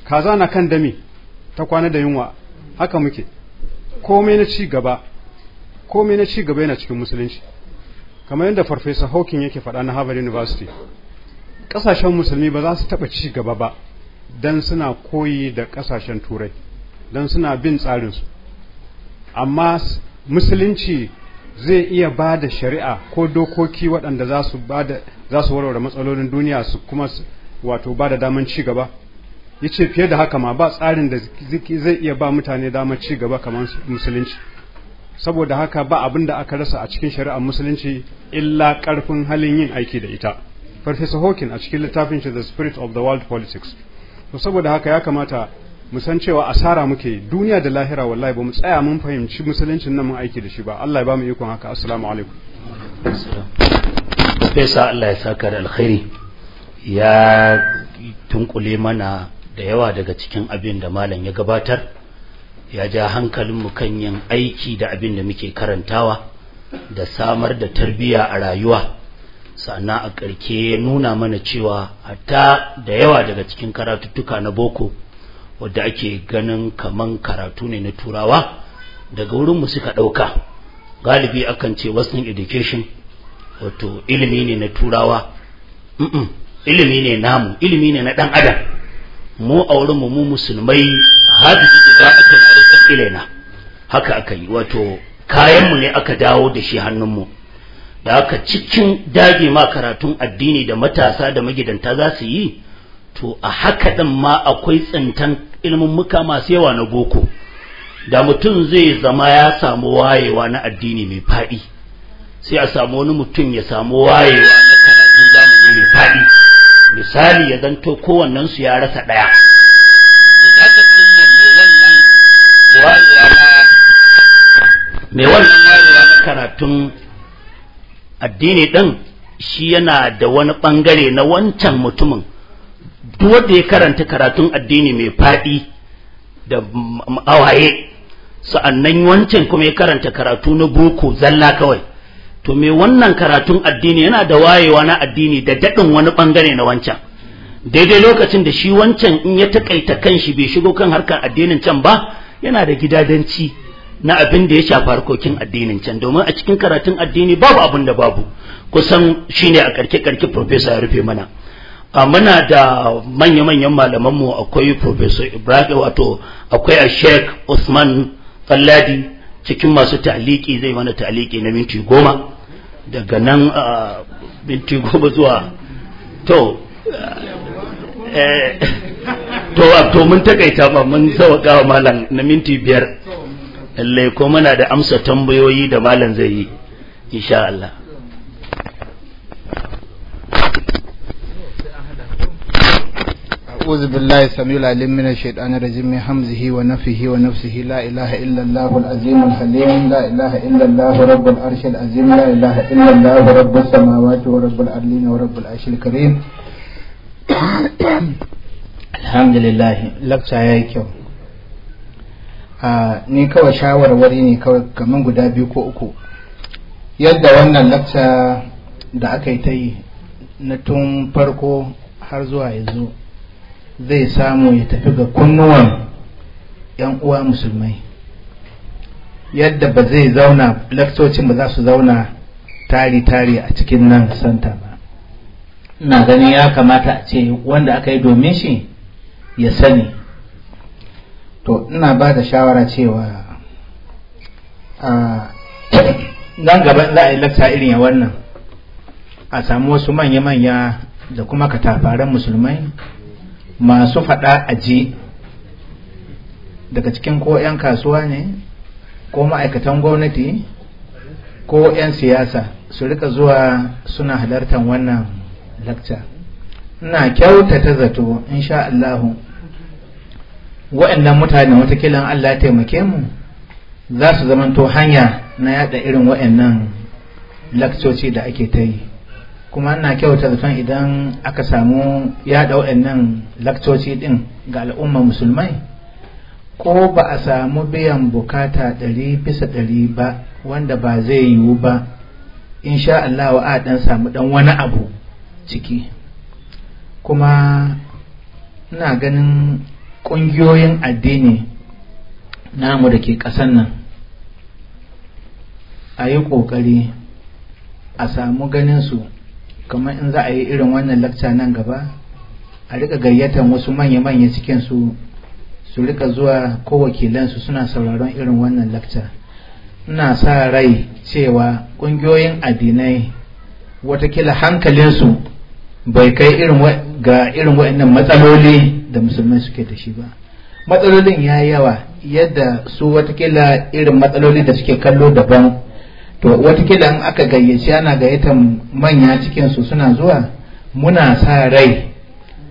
kaza na kan dami ta kwana da yunwa haka muke komai na ci gaba komai na ci gaba yana cikin musulunci kamar yadda farfesa hawking yake faɗa na harvard university ƙasashen musulmi ba za su taɓa ci gaba ba don suna koyi da ƙasashen turai don suna bin tsarinsu amma musulunci zai iya ba da shari'a ko dokoki waɗanda za su warware matsalolin duniya su kuma wato ba da daman ci gaba ya ce fiye da haka ma ba tsarin da zai iya ba mutane damar ci gaba kamar musulunci saboda haka ba abin da aka rasa a cikin shari'ar musulunci illa ƙarfin halin yin aiki da ita Farfesa Hawking a cikin littafin shi The Spirit of the World Politics to saboda haka ya kamata mu san cewa asara muke duniya da lahira wallahi ba mu tsaya mun fahimci musuluncin nan mun aiki da shi ba Allah ya ba mu ikon haka assalamu alaikum Farfesa Allah ya saka da alkhairi ya tunkule mana da yawa daga cikin abin da malam ya gabatar ya ja hankalinmu kan yin aiki da abin da muke karantawa da samar da tarbiyya a rayuwa sannan a ƙarke ya nuna mana cewa hatta da yawa daga cikin karatuttuka na boko wadda ake ganin kaman karatu ne na turawa daga wurinmu suka ɗauka galibi akan ce western education wato ilimi ne na turawa ilimi ne namu ilimi ne na ɗan adam mu a wurin mu musulmai hadisi da aka narsa ilaina haka aka yi wato kayanmu ne aka dawo da shi hannun mu da haka cikin dage ma karatun addini da matasa da magidanta za su yi to a haka din ma akwai tsintan ilimin muka masu yawa na boko da mutum zai zama ya samu wayewa na addini mai faɗi sai a samu wani mutum ya samu wayewa na karatun zamani mai faɗi misali ya zanto kowannen su ya rasa daya mai wannan karatun addini din shi yana da wani bangare na wancan mutumin duk wanda ya karanta karatun addini mai fadi da awaye sa'annan wancan kuma ya karanta karatu na boko zalla kawai to me wannan karatun addini yana da wayewa na addini da daɗin wani bangare na wancan daidai lokacin da shi wancan in ya taƙaita kanshi bai shigo kan harkar addinin can ba yana da gidadanci na abin da ya shafi harkokin addinin can domin a cikin karatun addini babu abin da babu kusan shine a karke karke profesa ya rufe mana a muna da manya-manyan malamanmu akwai Profesa ibrahim wato akwai a sheikh usman kalladi cikin masu taliki zai mana taliki na minti goma daga nan minti goma zuwa to eh, to to mun takaita ba mun sauka wa malam na minti biyar lallai ko muna da amsa tambayoyi da malam zai yi insha Allah أعوذ بالله السميع العليم من الشيطان الرجيم من همزه ونفه ونفسه لا إله إلا الله العظيم الحليم لا إله إلا الله رب العرش العظيم لا إله إلا الله رب السماوات ورب الأرضين ورب العرش الكريم الحمد لله لك سايكيو ni kawai shawarwari ne kawai kamar guda biyu ko uku yadda wannan lakta da aka yi ta yi na tun farko har zuwa yanzu zai samu ya tafi ga kunnuwan yan uwa musulmai yadda ba zai zauna lakcocin ba za su zauna tari-tari a cikin nan santa ba na ganin ya kamata a ce wanda aka yi domin shi ya sani to ina ba da shawara cewa a nan gaban za a yi lakta irin ya wannan a samu wasu manya-manya da kuma katafaren musulmai masu faɗa aji daga cikin ko 'yan kasuwa ne ko ma'aikatan gwamnati ko 'yan siyasa su rika zuwa suna halartar wannan lakca ina kyautata zato insha Allahu wa'annan mutane watakila Allah taimake mu za su zamanto hanya na yada irin wa'annan lakcoci da ake ta yi kuma ina kyauta zaton idan aka samu yaɗa waɗannan lakcoci ɗin ga al'umma musulmai ko ba a samu biyan bukata ɗari bisa ɗari ba wanda ba zai yiwu ba in sha Allah wa a ɗan samu ɗan wani abu ciki kuma ina ganin ƙungiyoyin addini namu da ke ƙasan nan a yi ƙoƙari a samu ganin su kamar in za a yi irin wannan lakca nan gaba a rika gayyatar wasu manya-manya cikin su su rika zuwa ko wakilansu suna sauraron irin wannan lakca ina sa rai cewa ƙungiyoyin addinai watakila hankalinsu bai kai ga irin waɗannan matsaloli da musulmai suke da shi ba matsalolin ya yawa yadda su watakila irin matsaloli da suke kallo daban to watakila in aka gayyaci ana gayyatar manya cikin su suna zuwa muna sa rai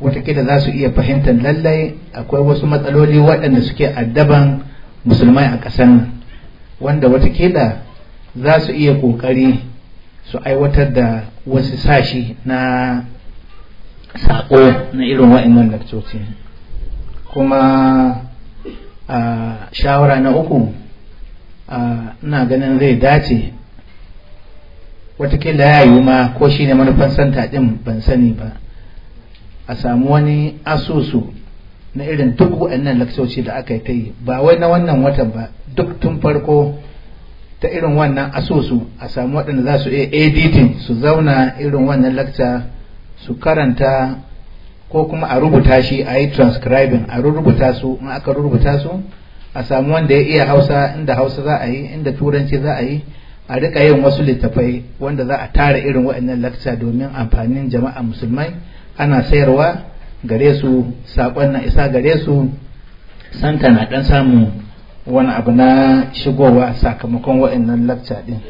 watakila za su iya fahimtar lallai akwai wasu matsaloli waɗanda suke addaban musulmai a ƙasar nan wanda watakila za su iya ƙoƙari su aiwatar da wasu sashi na saƙo na irin wa'annan lakcoci kuma a shawara na uku ina ganin zai dace watakila ya yi ma ko shi ne manufan santa ɗin ban sani ba a samu wani asusu na irin duk waɗannan lakcoci da aka yi ta yi ba wai na wannan watan ba duk tun farko ta irin wannan asusu a samu waɗanda za su iya editing su zauna irin wannan lakca su karanta ko kuma a rubuta shi a yi transcribing a rubuta su in aka rubuta su a samu wanda ya iya hausa inda hausa za a yi inda turanci za a yi a rika yin wasu littafai wanda za a tara irin waɗannan lakca domin amfanin jama'a musulmai ana sayarwa gare su saƙon na isa gare su santa na ɗan samu wani abu na shigowa sakamakon waɗannan lakca ɗin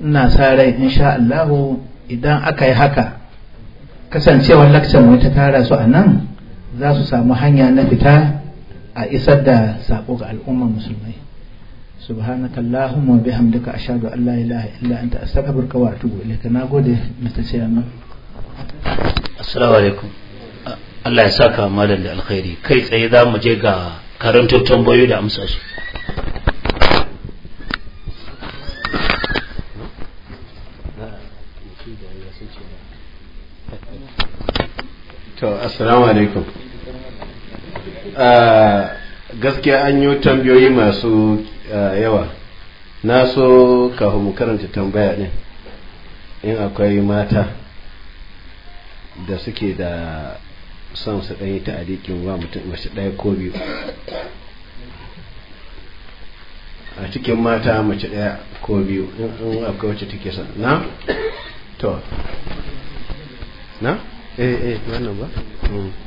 ina sa rai insha Allahu idan aka yi haka kasancewar lakca mu ta tara su a nan za su samu hanya na fita a isar da saƙo ga al'ummar musulmai subhanaka allahumma wa bihamdika ashhadu an la ilaha illa anta astaghfiruka wa atubu ilayka nagode mr chairman assalamu alaikum Allah ya saka malam da alkhairi kai tsaye za mu je ga karantar tambayoyi da amsa su to assalamu alaikum ah, gaskiya an yi tambayoyi masu yawa na so ka mu karanta tambaya din in akwai mata da suke da son su ɗanyi ta adikin wa mutum mace ɗaya ko biyu a cikin mata mace ɗaya ko biyu in akwai wacce take son na to na eh eh wannan ba hmm.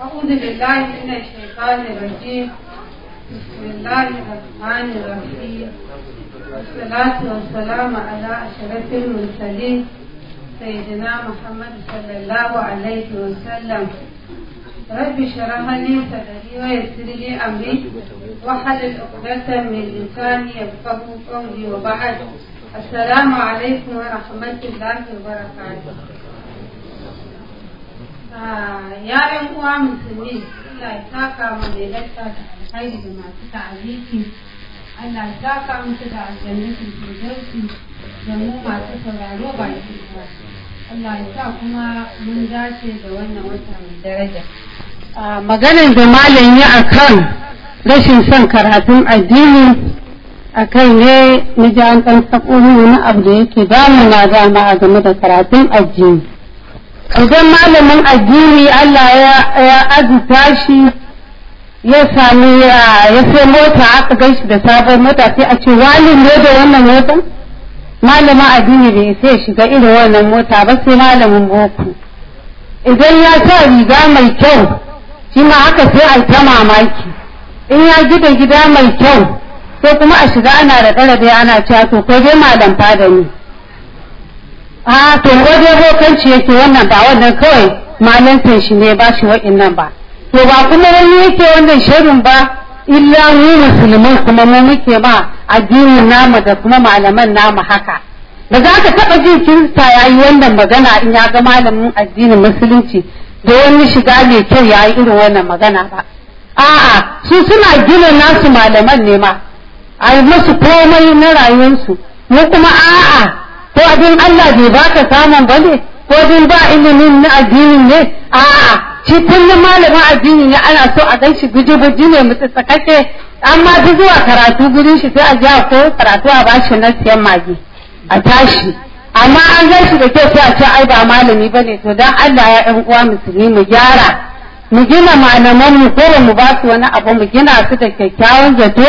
أعوذ بالله من الشيطان الرجيم بسم الله الرحمن الرحيم والصلاة والسلام على أشرف المرسلين سيدنا محمد صلى الله عليه وسلم رب اشرح لي صدري ويسر لي أمري وحلل عقدة من لساني يفقه قولي وبعد السلام عليكم ورحمة الله وبركاته yayan uwa musulmi Allah ya saka mu mai lakta da alkhairi da masu ta'aziki Allah ya saka mu da aljannatin firdausi da mu masu sauraro baki ɗaya Allah ya sa kuma mun dace da wannan wata mai daraja maganin da malam ya akan rashin son karatun addini a kai ne na ji ɗan sako wani abu da yake damuna dama a game da karatun addini idan malamin addini Allah ya azuta shi ya sami ya sai mota aka gan shi da sabon mota sai a ce wani ne da wannan mota. malamin addini bai sai shiga irin wannan mota ba sai malamin boko idan ya sa riga mai kyau shi ma aka sai a ta mamaki in ya gida gida mai kyau sai kuma a shiga ana da dai ana cewa to kai dai malam fada ne a to wajen hokanci yake wannan ba wannan kawai malantan shi ne ba shi waɗannan ba to ba kuma wani yake wannan shirin ba illa mu musulmai kuma mu muke ba addinin namu da kuma malaman namu haka ba za ka taɓa jin kirista ya yi wannan magana in ya ga malamin addinin musulunci da wani shiga mai kyau ya yi irin wannan magana ba a'a su suna gina nasu malaman ne ma a yi musu komai na rayuwarsu mu kuma a'a ko abin Allah bai baka samun ba ne ko abin ba ilimin na addinin ne a'a shi kullum malamin addini ne ana so a gan shi guji-guji ne mutu sakake amma duk zuwa karatu gurin shi sai a ji ko karatu a bashi na siyan magi a tashi amma an gan shi da kyau sai a ce ai ba malami ba ne to dan Allah ya ɗan uwa musulmi mu gyara mu gina malaman mu ko mu ba su wani abu mu gina su da kyakkyawan zato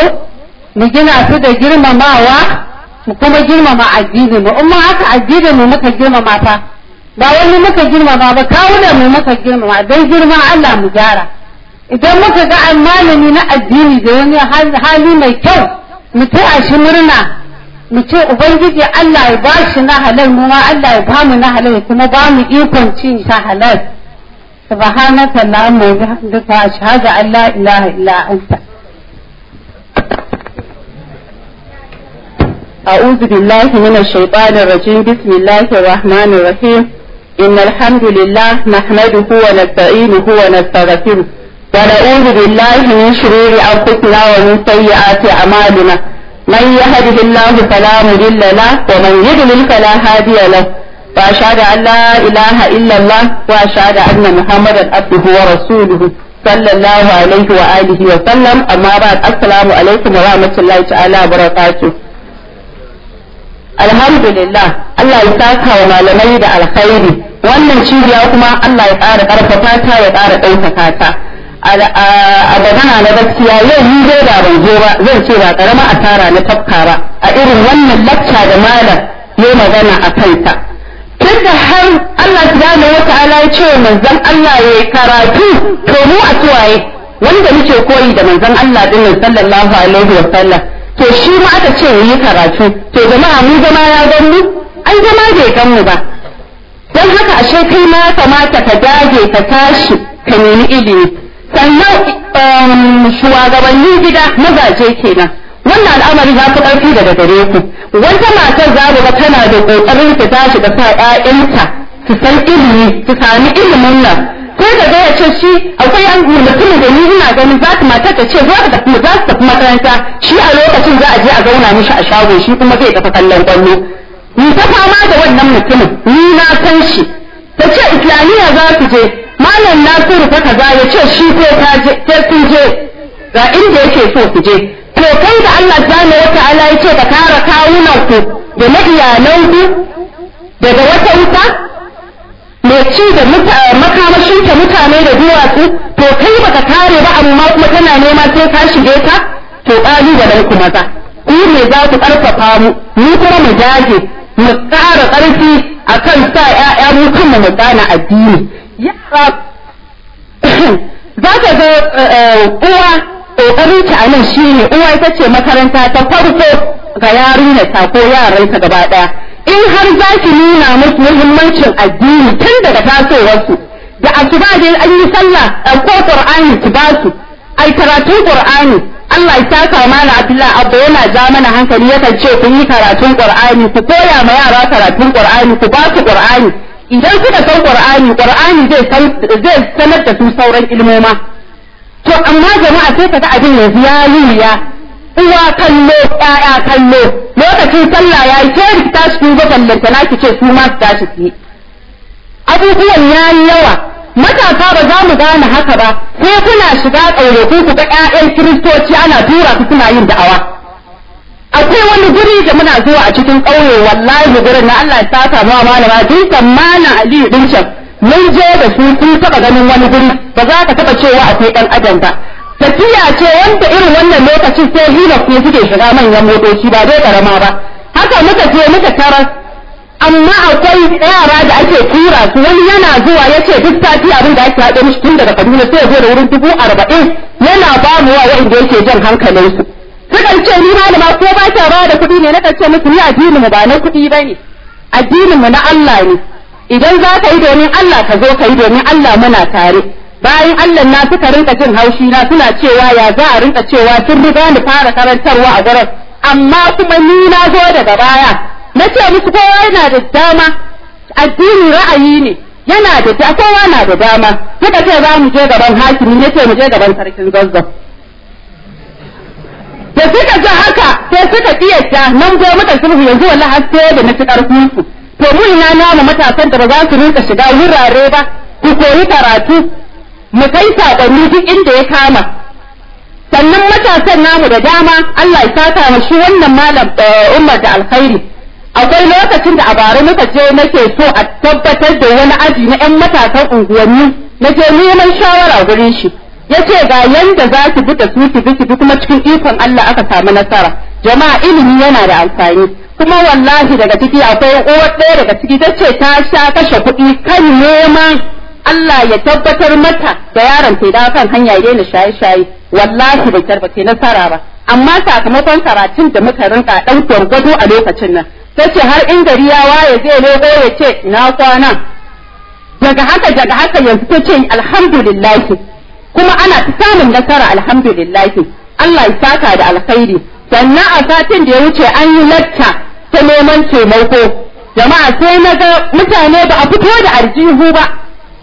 mu gina su da girmamawa mu kuma girmama addinin mu in ma aka addinin mu muka girmama ta ba wani muka girmama ba kawuna mu muka girmama don girman Allah mu gyara idan muka ga malami na addini da wani hali mai kyau mu ce a shi murna mu ce ubangiji Allah ya ba shi na halal mu ma Allah ya ba mu na halal kuma ba mu ikon cin sa halal subhanaka allahumma wa bihamdika ashhadu an la ilaha illa anta أعوذ بالله من الشيطان الرجيم بسم الله الرحمن الرحيم إن الحمد لله نحمده ونستعينه ونستغفره ونعوذ بالله من شرور أنفسنا ومن سيئات أعمالنا من يهده الله فلا مضل له ومن يضلل فلا هادي له وأشهد أن لا إله إلا الله وأشهد أن محمدا عبده ورسوله صلى الله عليه وآله وسلم أما بعد السلام عليكم ورحمة الله تعالى وبركاته alhamdulillah Allah ya saka wa malamai da alkhairi wannan cibiya kuma Allah ya ƙara ƙarfafa ta ya ƙara ɗaukaka ta a magana na gaskiya yau ni dai da ban zo ba zan ce ba ƙarama tara na tafka ba a irin wannan lacca da malam ya magana a kanta tun da har Allah subhanahu wata ala ya ce manzon Allah ya karatu to mu a suwaye wanda muke koyi da manzon Allah ɗin sallallahu alaihi wa sallam to shi ma aka ce yi karatu to jama'a mu zama ya mu ai zama bai mu ba don haka ashe kai ma kamata ka dage ka tashi ka nemi ilimi sannan um, shugabanni gida mazaje kenan wannan al'amari za ku ƙarfi daga gare ku wata matar za ga tana da ƙoƙarin ta tashi da sa 'ya'yanta su san ilimi su sami ilimin nan ko da ya yace shi akwai yan mutumin da ni ina ganin za ta matar ta ce za ta tafi za ta tafi makaranta shi a lokacin za a je a zauna mishi a shago shi kuma zai tafi kallon kwallo ni ta fama da wannan mutumin ni na san shi ta ce islamiyya za su je malam nasiru ta kaza ya ce shi ko ta je ke sun je ga inda yake so su je to kai da Allah subhanahu wataala ya ce ka kare kawunan da na iyalanku daga wata wuta mai da eh, makamashin ta mutane da duwatsu to kai baka kare ba amma kuma tana nema sai ka shige ta to da ku maza ku ne za ku ƙarfafa mu mu kuma mu dage mu ƙara ƙarfi a kan sa ƴaƴa mu kan mu tsana addini yara za ka ga eh, eh, uwa ƙoƙarin ta a nan shine uwa ita ce makaranta ta farko ga yarinya ta ko yaranta gaba ɗaya in har za ki nuna musu muhimmancin addini tun daga tasowarsu da a asuba dai an yi sallah ko ƙur'ani ki ba su ai karatun ƙur'ani, Allah ya saka mana Abdullah Abba yana ja mana hankali yakan ce kun yi karatun Qur'ani ku koya ma yara karatun Qur'ani ku ba su Qur'ani idan suka san Qur'ani Qur'ani zai sanar da su sauran ilmoma to amma jama'a sai ga abin yanzu ya yi ya uwa kallo ƴaƴa kallo lokacin sallah yayi ke ki tashi ku ga kallon na ki ce su ma su tashi ki abubuwan yayi yawa matasa ba za mu gane haka ba ko kuna shiga ko ku ga ƴaƴan kiristoci ana tura ku suna yin da'awa akwai wani guri da muna zuwa a cikin ƙauye wallahi gurin na Allah ya saka ma malama tun tsammanin Aliyu din can mun je da su kun taɓa ganin wani guri ba za ka taɓa cewa akwai ɗan adam ba tafiya ce wanda irin wannan lokacin sai hira ne suke shiga manyan motoci ba dai karama ba haka muka je muka tarar amma akwai yara da ake tura su wani yana zuwa ya ce duk sati abin da ake haɗe mishi tun daga kaduna sai ya zo da wurin dubu arba'in yana ba mu wa wa'inda yake jan hankalin su sukan ce ni malama ko ba ta ba da kuɗi ne na ce musu ni addinin mu ba na kuɗi ba ne addinin mu na Allah ne idan za ka yi domin Allah ka zo ka yi domin Allah muna tare bayan Allah na suka rinka jin haushi na suna cewa ya za a rinka cewa sun riga ni fara karantarwa a gurin amma kuma ni na zo daga baya na ce musu kowa yana da dama addini ra'ayi ne yana da kowa na da dama suka ce za mu je gaban hakimi ne ce mu je gaban sarkin gazza da suka ji haka sai suka kiyasta nan zo muka sulhu yanzu wallahi har da na fi karfin su to mu ina namu matasan da ba za su rinka shiga wurare ba ku koyi karatu mu kai saƙonni duk inda ya kama sannan matasan namu da dama Allah ya saka mu shi wannan malam eh, ummar da alkhairi akwai lokacin da a bara muka je nake so a tabbatar da wani aji na ƴan matasan unguwanni nake neman shawara gurin shi yace ga yanda za ki bi da su ki bi ki bi kuma cikin ikon Allah aka samu nasara jama'a ilimi yana da amfani kuma wallahi daga ciki akwai uwar ɗaya daga ciki tace ta sha kashe kuɗi kan neman Allah ya tabbatar mata da yaron ta kan hanya ya daina shaye-shaye wallahi bai tarbace nasara ba amma sakamakon karatun da muka rinka dan gado a lokacin nan ce har in gari ya waye zai lego ya ce na kwana daga haka daga haka yanzu ta ce alhamdulillah kuma ana ta samun nasara alhamdulillah Allah ya saka da alkhairi sannan a satin da ya wuce an yi latta ta neman taimako jama'a sai na ga mutane ba a fito da aljihu ba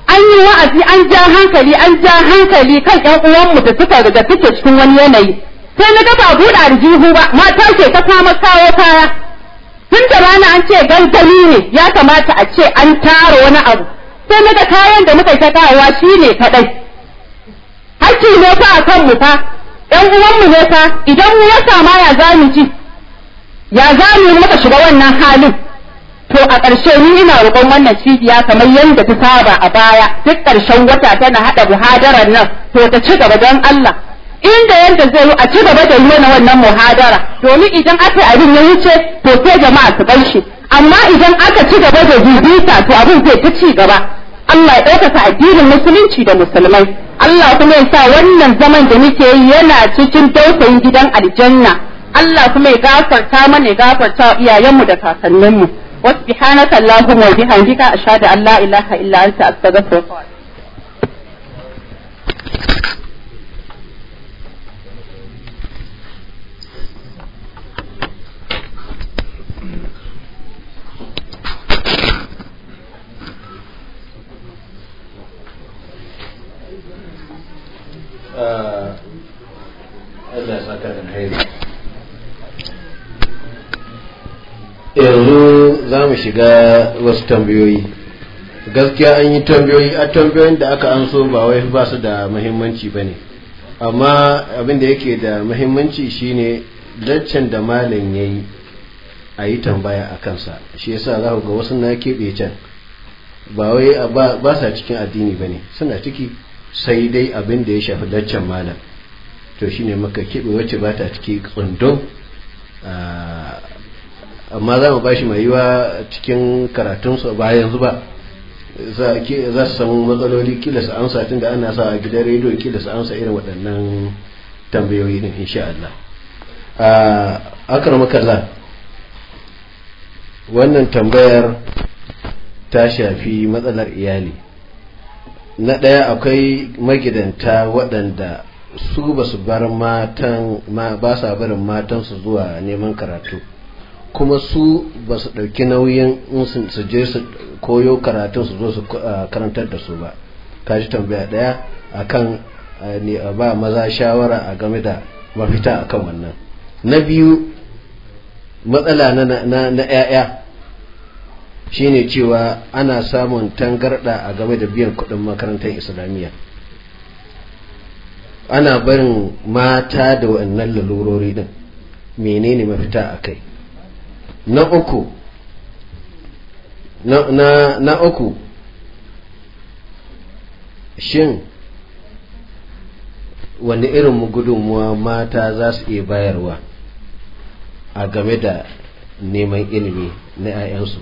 an yi wa'azi an ja hankali an ja hankali kan ƴan uwanmu da suka da suke cikin wani yanayi sai na ga ba buɗa aljihu ba mata ce ta kama kawo kaya tun da rana an ce gangami ne ya kamata a ce an tara wani abu sai na ga kayan da muka ta kawowa shine kaɗai hakki ne fa a kan mu fa ƴan uwanmu ne fa idan mu ya sama ya zamu ci ya zamu muka shiga wannan halin to a ƙarshe ni ina roƙon wannan cibiya kamar yadda ta saba a baya duk ƙarshen wata tana haɗa muhadarar nan to ta ci gaba don Allah inda yadda zai yi a ci gaba da yi na wannan muhadara domin idan aka abin ya wuce to sai jama'a su bar shi amma idan aka ci gaba da bibita to abin zai ta ci gaba Allah ya ɗaukaka addinin musulunci da musulmai Allah kuma ya sa wannan zaman da muke yi yana cikin dausayin gidan aljanna Allah kuma ya gafarta mana ya gafarta iyayenmu da kakanninmu وسبحانك اللهم وبحمدك أشهد أن لا إله إلا أنت أستغفرك mu shiga wasu tambayoyi gaskiya an yi tambayoyi a tambayoyin da aka an so ba wai ba su da muhimmanci ba ne amma abin da yake da muhimmanci shine laccen da malam ya yi a yi tambaya a kansa shi yasa za ga wasu na keɓe can ba wai ba sa cikin addini ba ne suna ciki sai dai abin da ya shafi laccen malam to shine maka keɓe wacce ba ta ciki tsundum ah, amma za mu bashi mai yiwa cikin karatunsu ba yanzu ba za su samu matsaloli kila su amsa tun da ana sa a gidan rediyo kila su amsa irin waɗannan tambayoyi ne insha Allah a akar makalla wannan tambayar ta shafi matsalar iyali na ɗaya akwai magidanta waɗanda su ba su bar matan ba sa barin matansu zuwa neman karatu kuma su ba su ɗauki nauyin su je su koyo karatun su zo su karantar da su ba kaji tambaya ɗaya akan ne ba maza shawara a game da mafita akan wannan na biyu matsala na 'ya'ya shine cewa ana samun tangarɗa a game da biyan kuɗin makarantar islamiyya ana barin mata da wannan lalurori din menene mafita a kai na uku na, na, na uku shin wani irin gudunmuwa mata za su iya bayarwa a game da neman ilimi na 'ya'yansu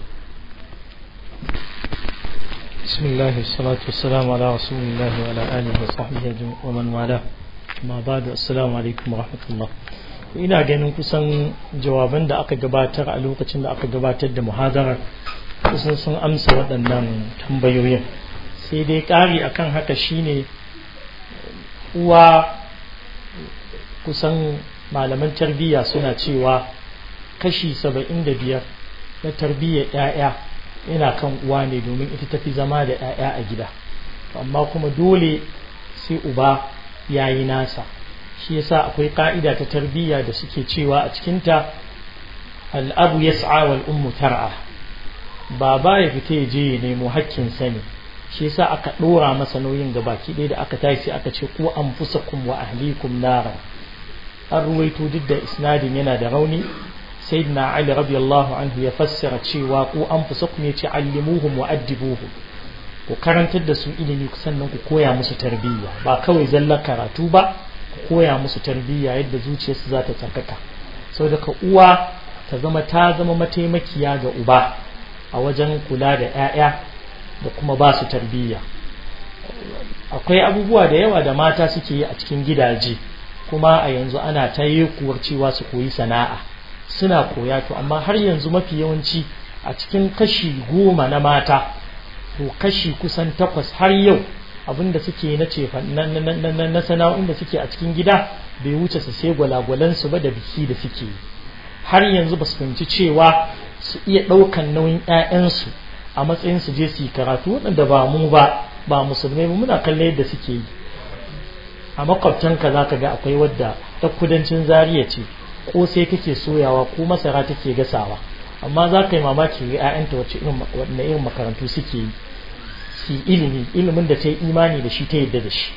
bismillahi salatu wassalamu ala rasulillahi wa ala alihi wa sahbihi wa man wala ma ba'du assalamu alaikum wa rahmatullah ina ganin kusan jawaban da aka gabatar a lokacin da aka gabatar da muhazarar kusan sun amsa waɗannan tambayoyin sai dai ƙari akan haka shine uwa kusan malaman tarbiyya suna cewa kashi saba'in da biyar na tarbiyyar 'ya'ya yana kan uwa ne domin ita tafi zama da 'ya'ya a gida amma kuma dole sai uba yayi nasa shi yasa akwai ka'ida ta tarbiyya da suke cewa a cikinta al'abu ya sa'a wal ummu tar'a baba ya fita ya je ya nemo hakkin sani shi yasa aka ɗora masa nauyin ga baki ɗaya da aka tashi aka ce ku anfusakum wa ahlikum nara an ruwaito duk da isnadin yana da rauni sayyidina ali radiyallahu anhu ya fassara cewa ku anfusakum ya ce allimuhum wa addibuhum ku karantar da su ilimi sannan ku koya musu tarbiyya ba kawai zallar karatu ba koya musu tarbiyya yadda zuciyarsu za ta tsarkaka sau daga uwa ta zama ta zama mataimakiya ga uba a wajen kula da 'ya'ya da kuma ba su tarbiyya akwai abubuwa da yawa da mata suke yi a cikin gidaje kuma a yanzu ana ta yi kuwar cewa su koyi sana'a suna koya to amma har yanzu mafi yawanci a cikin kashi goma na mata to kashi kusan takwas har yau abinda suke na cefa na sana'o'in da suke a cikin gida bai wuce su sai su ba da biki da suke yi har yanzu ba su fahimci cewa su iya ɗaukan nauyin 'ya'yansu a matsayin su je su yi karatu waɗanda ba mu ba ba musulmai ba muna kalle yadda suke yi a makwabtan za ka ga akwai wadda ta kudancin zariya ce ko sai kake soyawa ko masara take gasawa amma za ka yi mamaki ga 'ya'yanta wacce irin makarantu suke yi su ilimi ilimin da ta yi imani da shi ta yadda da shi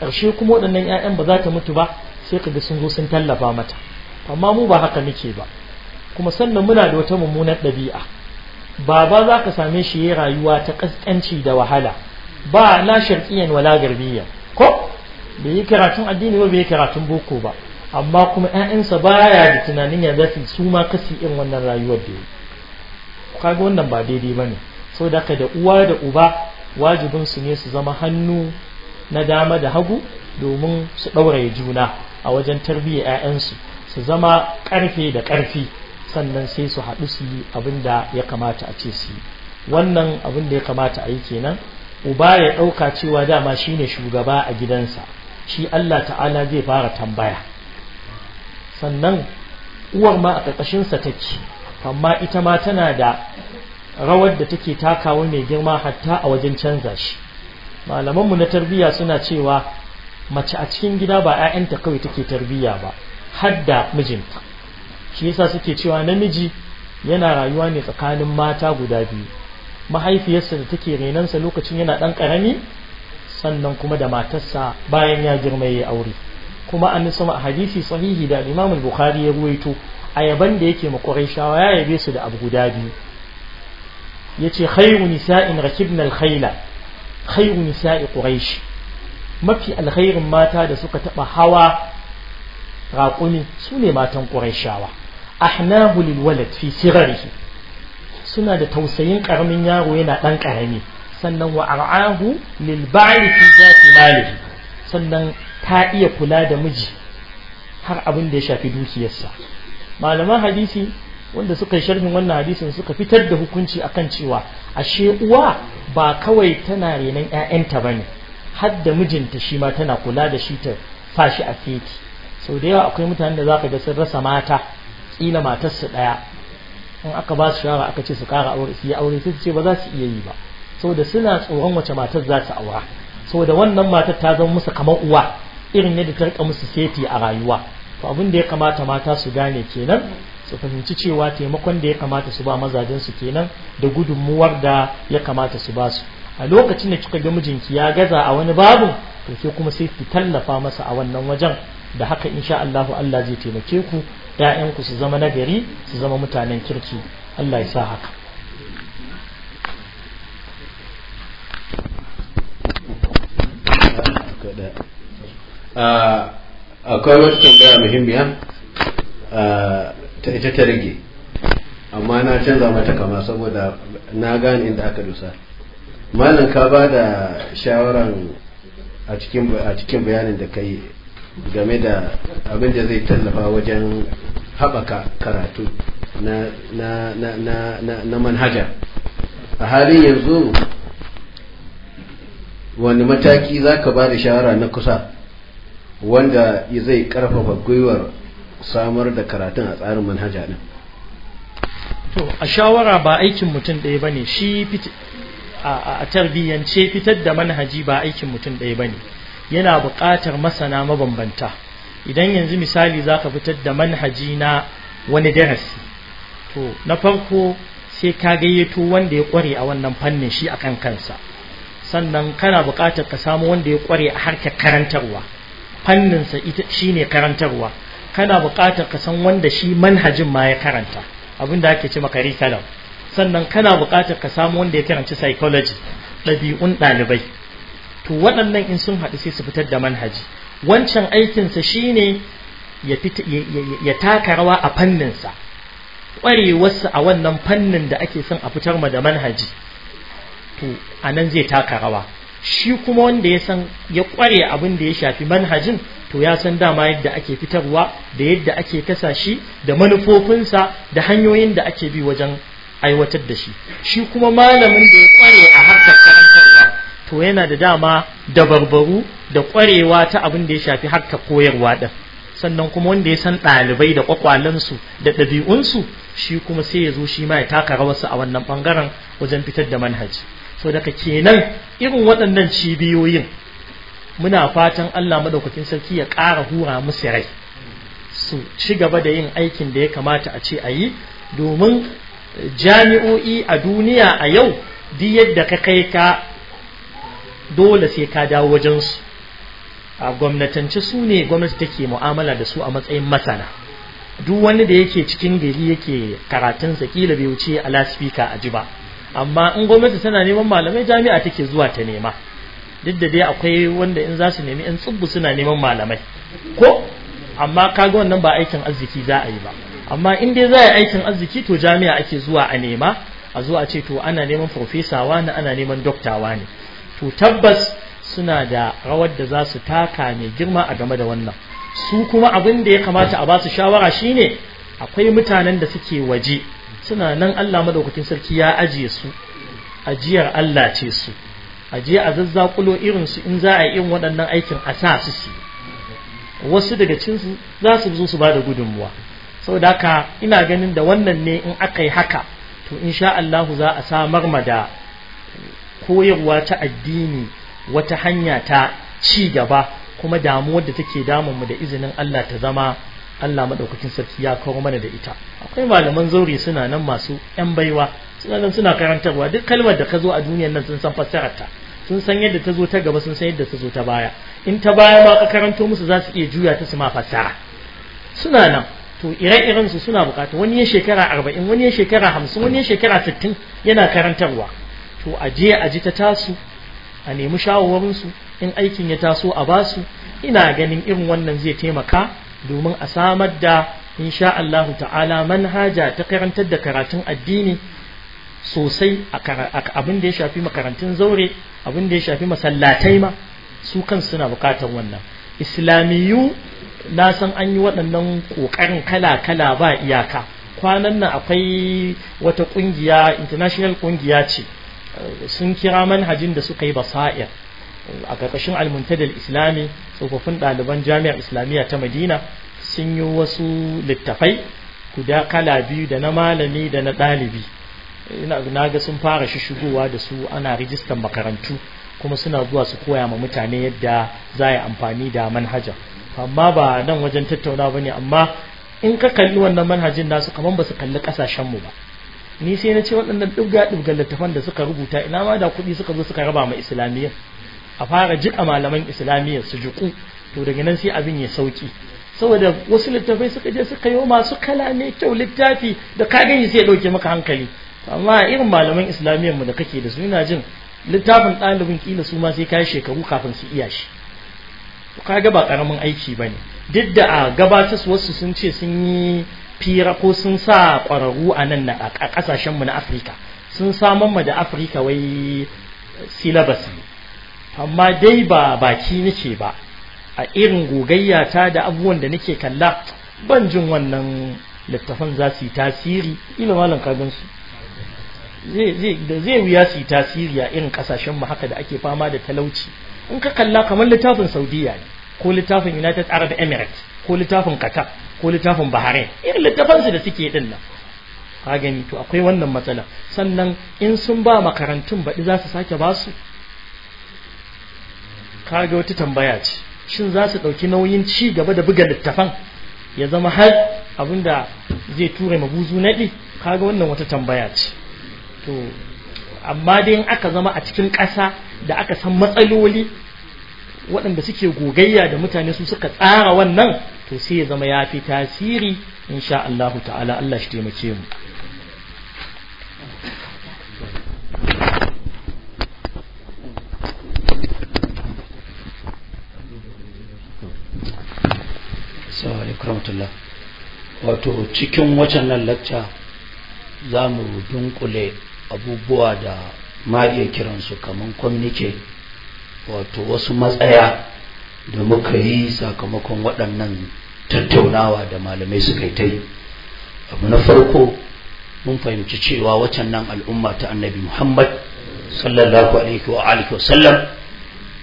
ƙarshe kuma waɗannan 'ya'yan ba za ta mutu ba sai ka ga sun zo sun tallafa mata amma mu ba haka muke ba kuma sannan muna da wata mummunar ɗabi'a baba za ka same shi ya rayuwa ta ƙasƙanci da wahala ba na sharqiyyan wala garbiya ko bai yi karatun addini ba bai yi karatun boko ba amma kuma 'ya'yansa baya da tunanin ya zafi su ma kasi irin wannan rayuwar da yi kaga wannan ba daidai ba ne. so daga da uwa da uba wajibin su ne su zama hannu na dama da hagu domin su ɗauraye juna a wajen tarbiyyar 'ya'yansu su zama ƙarfe da ƙarfi sannan sai su haɗu su yi abin da ya kamata a ce su yi wannan abin da ya kamata a yi kenan uba ya ɗauka cewa dama shi ne shugaba a gidansa shi Allah ta'ala zai fara tambaya sannan uwar ma a ƙarƙashinsa take amma ita ma tana da rawar da take takawa mai girma hatta a wajen canza shi malamanmu na tarbiyya suna cewa mace a cikin gida ba 'ya'yanta kawai take tarbiyya ba hadda mijinta shi yasa suke cewa namiji yana rayuwa ne tsakanin mata guda biyu mahaifiyarsa da take renansa lokacin yana ɗan karami sannan kuma da matarsa bayan ya girma ya aure kuma an sama a hadisi sahihi da imam bukhari ya ruwaito ayaban da yake makwarai shawa ya yabe su da abu guda biyu yace khairu nisa'in rakibna al-khayla khairu nisa'i quraish mafi alkhairin mata da suka taba hawa raƙuni sune matan quraishawa ahnahu lilwalad walad fi sigarihi suna da tausayin karamin yaro yana dan karami sannan wa ar'ahu lil ba'i fi zati malihi sannan ta iya kula da miji har abin da ya shafi dukiyarsa malaman hadisi wanda suka yi sharhin wannan hadisin suka fitar da hukunci akan cewa ashe uwa ba kawai tana renon ƴaƴanta bane har da mijinta shi ma tana kula da shi ta fashi a feti. sau da yawa akwai mutane da zaka ga sun rasa mata kila matarsu ɗaya in aka ba su shawara aka ce su kara aure su yi aure sai su ce ba za su iya yi ba saboda suna tsoron wace matar za su aura saboda wannan matar ta zama musu kamar uwa irin yadda ta rika musu seti a rayuwa to abin da ya kamata mata su gane kenan su fahimci cewa taimakon da ya kamata su ba mazajen su kenan da gudunmuwar da ya kamata su ba su a lokacin da kika ga mijinki ya gaza a wani babu to sai kuma sai ki tallafa masa a wannan wajen da haka insha Allahu Allah zai taimake ku ku su zama nagari su zama mutanen kirki Allah ya sa haka ah, akwai wata tambaya muhimmiya ah, ta ita ta rage amma na canza mata kama saboda na gane inda aka dusa malam ka ba da shawaran a cikin bayanin da kai game da abin da zai tallafa wajen haɓaka karatu na manhaja a halin yanzu wani mataki za ka ba da shawara na kusa wanda zai karfafa gwiwar samar da karatun a tsarin manhaja din to a shawara ba aikin mutum ɗaya bane shi a tarbiyyance fitar da manhaji ba aikin mutum ɗaya bane yana buƙatar masana mabambanta idan yanzu misali za ka fitar da manhaji na wani darasi to na farko sai ka gayyato wanda ya ƙware a wannan fannin shi akan kansa sannan kana buƙatar ka samu wanda ya ƙware a harkar karantarwa fanninsa shi shine karantarwa kana buƙatar ka san wanda shi manhajin ma ya karanta abin da ake ce maka rikalam sannan kana buƙatar ka samu wanda ya karanci psychology ɗabi'un ɗalibai to waɗannan in sun haɗu sai su fitar da manhaji wancan aikinsa shine ya taka rawa a fanninsa ƙwarewarsa a wannan fannin da ake son a fitar ma da manhaji to a nan zai taka rawa shi kuma wanda ya san ya ƙware abin da ya shafi manhajin to ya san dama yadda ake fitarwa da yadda ake kasa shi da manufofinsa da hanyoyin da ake bi wajen aiwatar da shi shi kuma malamin da ya kware a harkar karantarwa to yana da dama da barbaru da kwarewa ta abin da ya shafi harkar koyarwa din sannan kuma wanda ya san ɗalibai da kwakwalansu da ɗabi'unsu shi kuma sai ya zo shi ma ya taka rawarsa a wannan ɓangaren wajen fitar da manhaji so daga kenan irin waɗannan cibiyoyin muna fatan Allah madaukakin sarki ya ƙara hura musu rai su ci gaba da yin aikin da ya kamata a ce a yi domin jami'o'i a duniya a yau duk yadda ka kai ka dole sai ka dawo wajensu a gwamnatanci su ne gwamnati take mu'amala da su a matsayin masana duk wani da yake cikin gari yake karatun kila bai wuce a lasifika a ji ba amma in gwamnati tana neman malamai jami'a take zuwa ta nema duk da dai akwai wanda in za su nemi in tsubbu suna neman malamai ko amma kaga wannan ba aikin arziki za a yi ba amma in dai za a yi aikin arziki to jami'a ake zuwa a nema a zuwa ce to ana neman farfesa wani ana neman dokta ne. to tabbas suna da rawar da za su taka mai girma a game da wannan su kuma abin da ya kamata a ba su shawara shine akwai mutanen da suke waje suna nan Allah madaukakin sarki ya ajiye su ajiyar Allah ce su a je a zazzakulo irinsu in za a yi irin waɗannan aikin a sa su su wasu daga cinsu za su zo su ba da gudunmuwa da haka ina ganin da wannan ne in aka yi haka to in sha Allah za a samar ma da koyarwa ta addini wata hanya ta ci gaba kuma damuwar da take damunmu da izinin Allah ta zama Allah maɗaukakin sarki ya kawo mana da ita akwai malaman zaure suna nan masu 'yan baiwa suna nan suna karantarwa duk kalmar da ka zo a duniyar nan sun san fassararta sun san yadda ta zo ta gaba sun san yadda ta zo ta baya in ta baya ma karanto musu za su iya juya ta su ma fassara suna nan to ire-iren su suna bukata wani ya shekara arba'in wani ya shekara hamsin wani ya shekara sittin yana karantarwa to a je a ji ta tasu a nemi shawarwarinsu in aikin ya taso a basu ina ganin irin wannan zai taimaka domin a samar da insha Allah ta'ala manhaja ta karantar da karatun addini sosai abin da ya shafi makarantun zaure abin da ya shafi masallatai ma su kan suna bukatar wannan islamiyu na san an yi waɗannan ƙoƙarin kala-kala ba iyaka kwanan nan akwai wata ƙungiya international ƙungiya ce eh, sun kira manhajin da suka yi basa'ir eh, a ƙarƙashin almuntadal islami tsofaffin ɗaliban jami'ar islamiyya ta madina sun yi wasu littafai guda kala biyu da na malami da na ɗalibi na ga sun fara shishigowa da su ana rijistar makarantu kuma suna zuwa su koya ma mutane yadda za yi amfani da manhaja amma ba nan wajen tattauna ba ne amma in ka kalli wannan manhajin nasu kamar ba su kalli kasashenmu ba ni sai na ce waɗannan ɗibga ɗibga littafan da suka rubuta ina ma da kuɗi suka zo suka raba ma islamiyya a fara jiƙa malaman islamiyya su jiƙu to daga nan sai abin ya sauki saboda wasu littafai suka je suka yi masu kala ne kyau littafi da ka gani sai ya ɗauke maka hankali amma irin malaman islamiyyar mu da kake da su ina jin littafin ɗalibin kila su ma sai yi shekaru kafin su iya shi kaga ba karamin aiki ba ne. duk da a gabatar wasu sun ce sun yi fira ko sun sa ƙwararru a nan na a ƙasashenmu na afirka sun samar mu da afirka wai silabas ne amma dai ba baki nake ba a irin gogayya ta da abubuwan da nake kalla ban jin wannan littafan za su yi tasiri ila malam ka gansu da zai wuya su yi tasiri a irin kasashen mu haka da ake fama da talauci in ka kalla kamar littafin saudiya ne ko littafin united arab emirates ko littafin qatar ko littafin bahrain irin su da suke din nan ka gani to akwai wannan matsala sannan in sun ba makarantun baɗi za su sake ba su ka ga wata tambaya ce shin za su ɗauki nauyin ci gaba da buga littafan ya zama har abinda zai ture mabuzu naɗi kaga wannan wata tambaya ce to amma dai in aka zama a cikin ƙasa da aka san matsaloli waɗanda suke gogayya da mutane su suka tsara wannan to sai ya zama ya fi tasiri insha Allah ta'ala Allah shi taimake mu wato cikin wacan nan lacca za mu dunkule abubuwa da ma iya kiransu kamar kwamnike wato wasu matsaya da muka yi sakamakon waɗannan tattaunawa da malamai suka yi ta yi abu na farko mun fahimci cewa wacan nan al'umma ta annabi muhammad sallallahu alaihi wa alihi wa sallam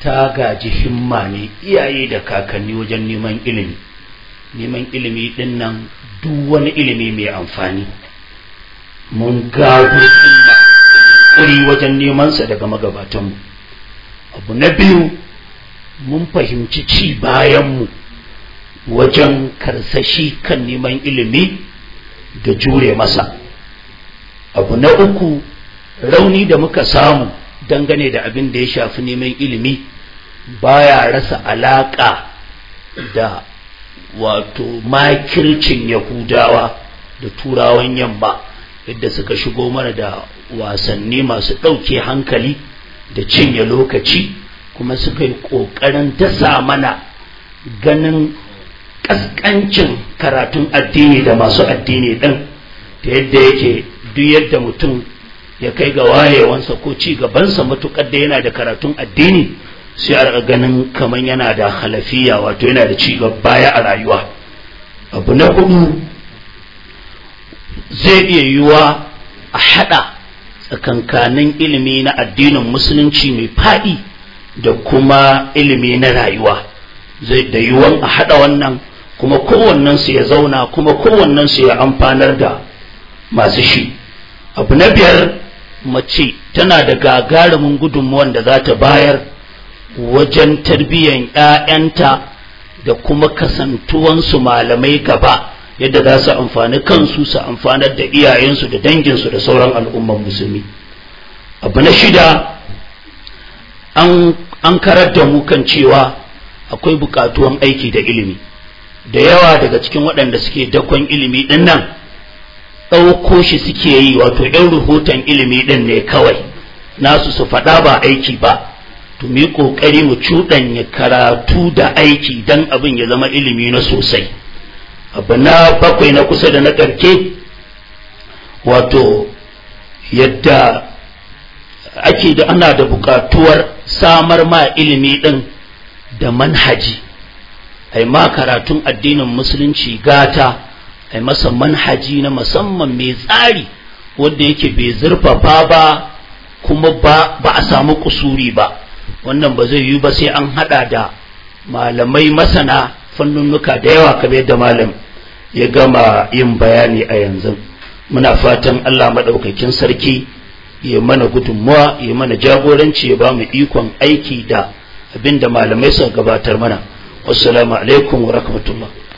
ta gaji himma ne iyaye da kakanni wajen neman ilimi neman ilimi din nan duk wani ilimi mai amfani mun gado himma da yunkuri wajen nemansa daga magabatanmu abu na biyu mun fahimci ci bayanmu wajen karsashi kan neman ilimi da jure masa abu na uku rauni da muka samu dangane da abin da ya shafi neman ilimi baya rasa alaƙa da wato makircin yahudawa da turawan yamma yadda suka shigo mana da wasanni masu ɗauke hankali da cinye lokaci kuma suka yi ƙoƙarin dasa mana ganin ƙasƙancin karatun addini da masu addini ɗin ta yadda yake duk yadda mutum ya kai ga wayewansa ko ci gabansa matuƙar da yana da karatun addini sai a ganin kamar yana da halafiya wato yana da ci gaba baya a rayuwa abu na hudu zai iya yiwuwa a haɗa tsakankanin ilimi na addinin musulunci mai faɗi da kuma ilimi na rayuwa zai da yiwuwan a haɗa wannan kuma kowannensu ya zauna kuma kowannensu ya amfanar da masu shi abu na biyar mace tana da gagarumin gudunmuwan da za ta bayar wajen tarbiyyar 'ya'yanta da kuma kasantuwansu malamai gaba yadda za su amfani kansu su amfanar da iyayensu da danginsu da sauran al'umman musulmi abu na shida an karar da mu kan cewa akwai bukatuwan aiki da ilimi da yawa daga cikin waɗanda suke dakon ilimi ɗin nan ɗauko shi suke yi wato ɗan rahoton ilimi ɗin ne kawai nasu su faɗa ba aiki ba to mu yi ƙoƙari mu cuɗanya karatu da aiki don abin ya zama ilimi na sosai abu na bakwai na kusa da na ƙarke wato yadda ake da ana da buƙatuwar samar ma ilimi ɗin da manhaji ai ma karatun addinin musulunci gata ai masa manhaji na musamman mai tsari wanda yake bai zurfafa ba kuma ba a samu kusuri ba wannan ba zai yi ba sai an hada da malamai masana fannunuka da yawa kamar da malam ya gama yin bayani a yanzu muna fatan Allah maɗaukakin sarki ya mana gudunmuwa ya mana jagoranci ya ba mu ikon aiki da abinda malamai suka gabatar mana wassalamu alaikum wa rahmatullah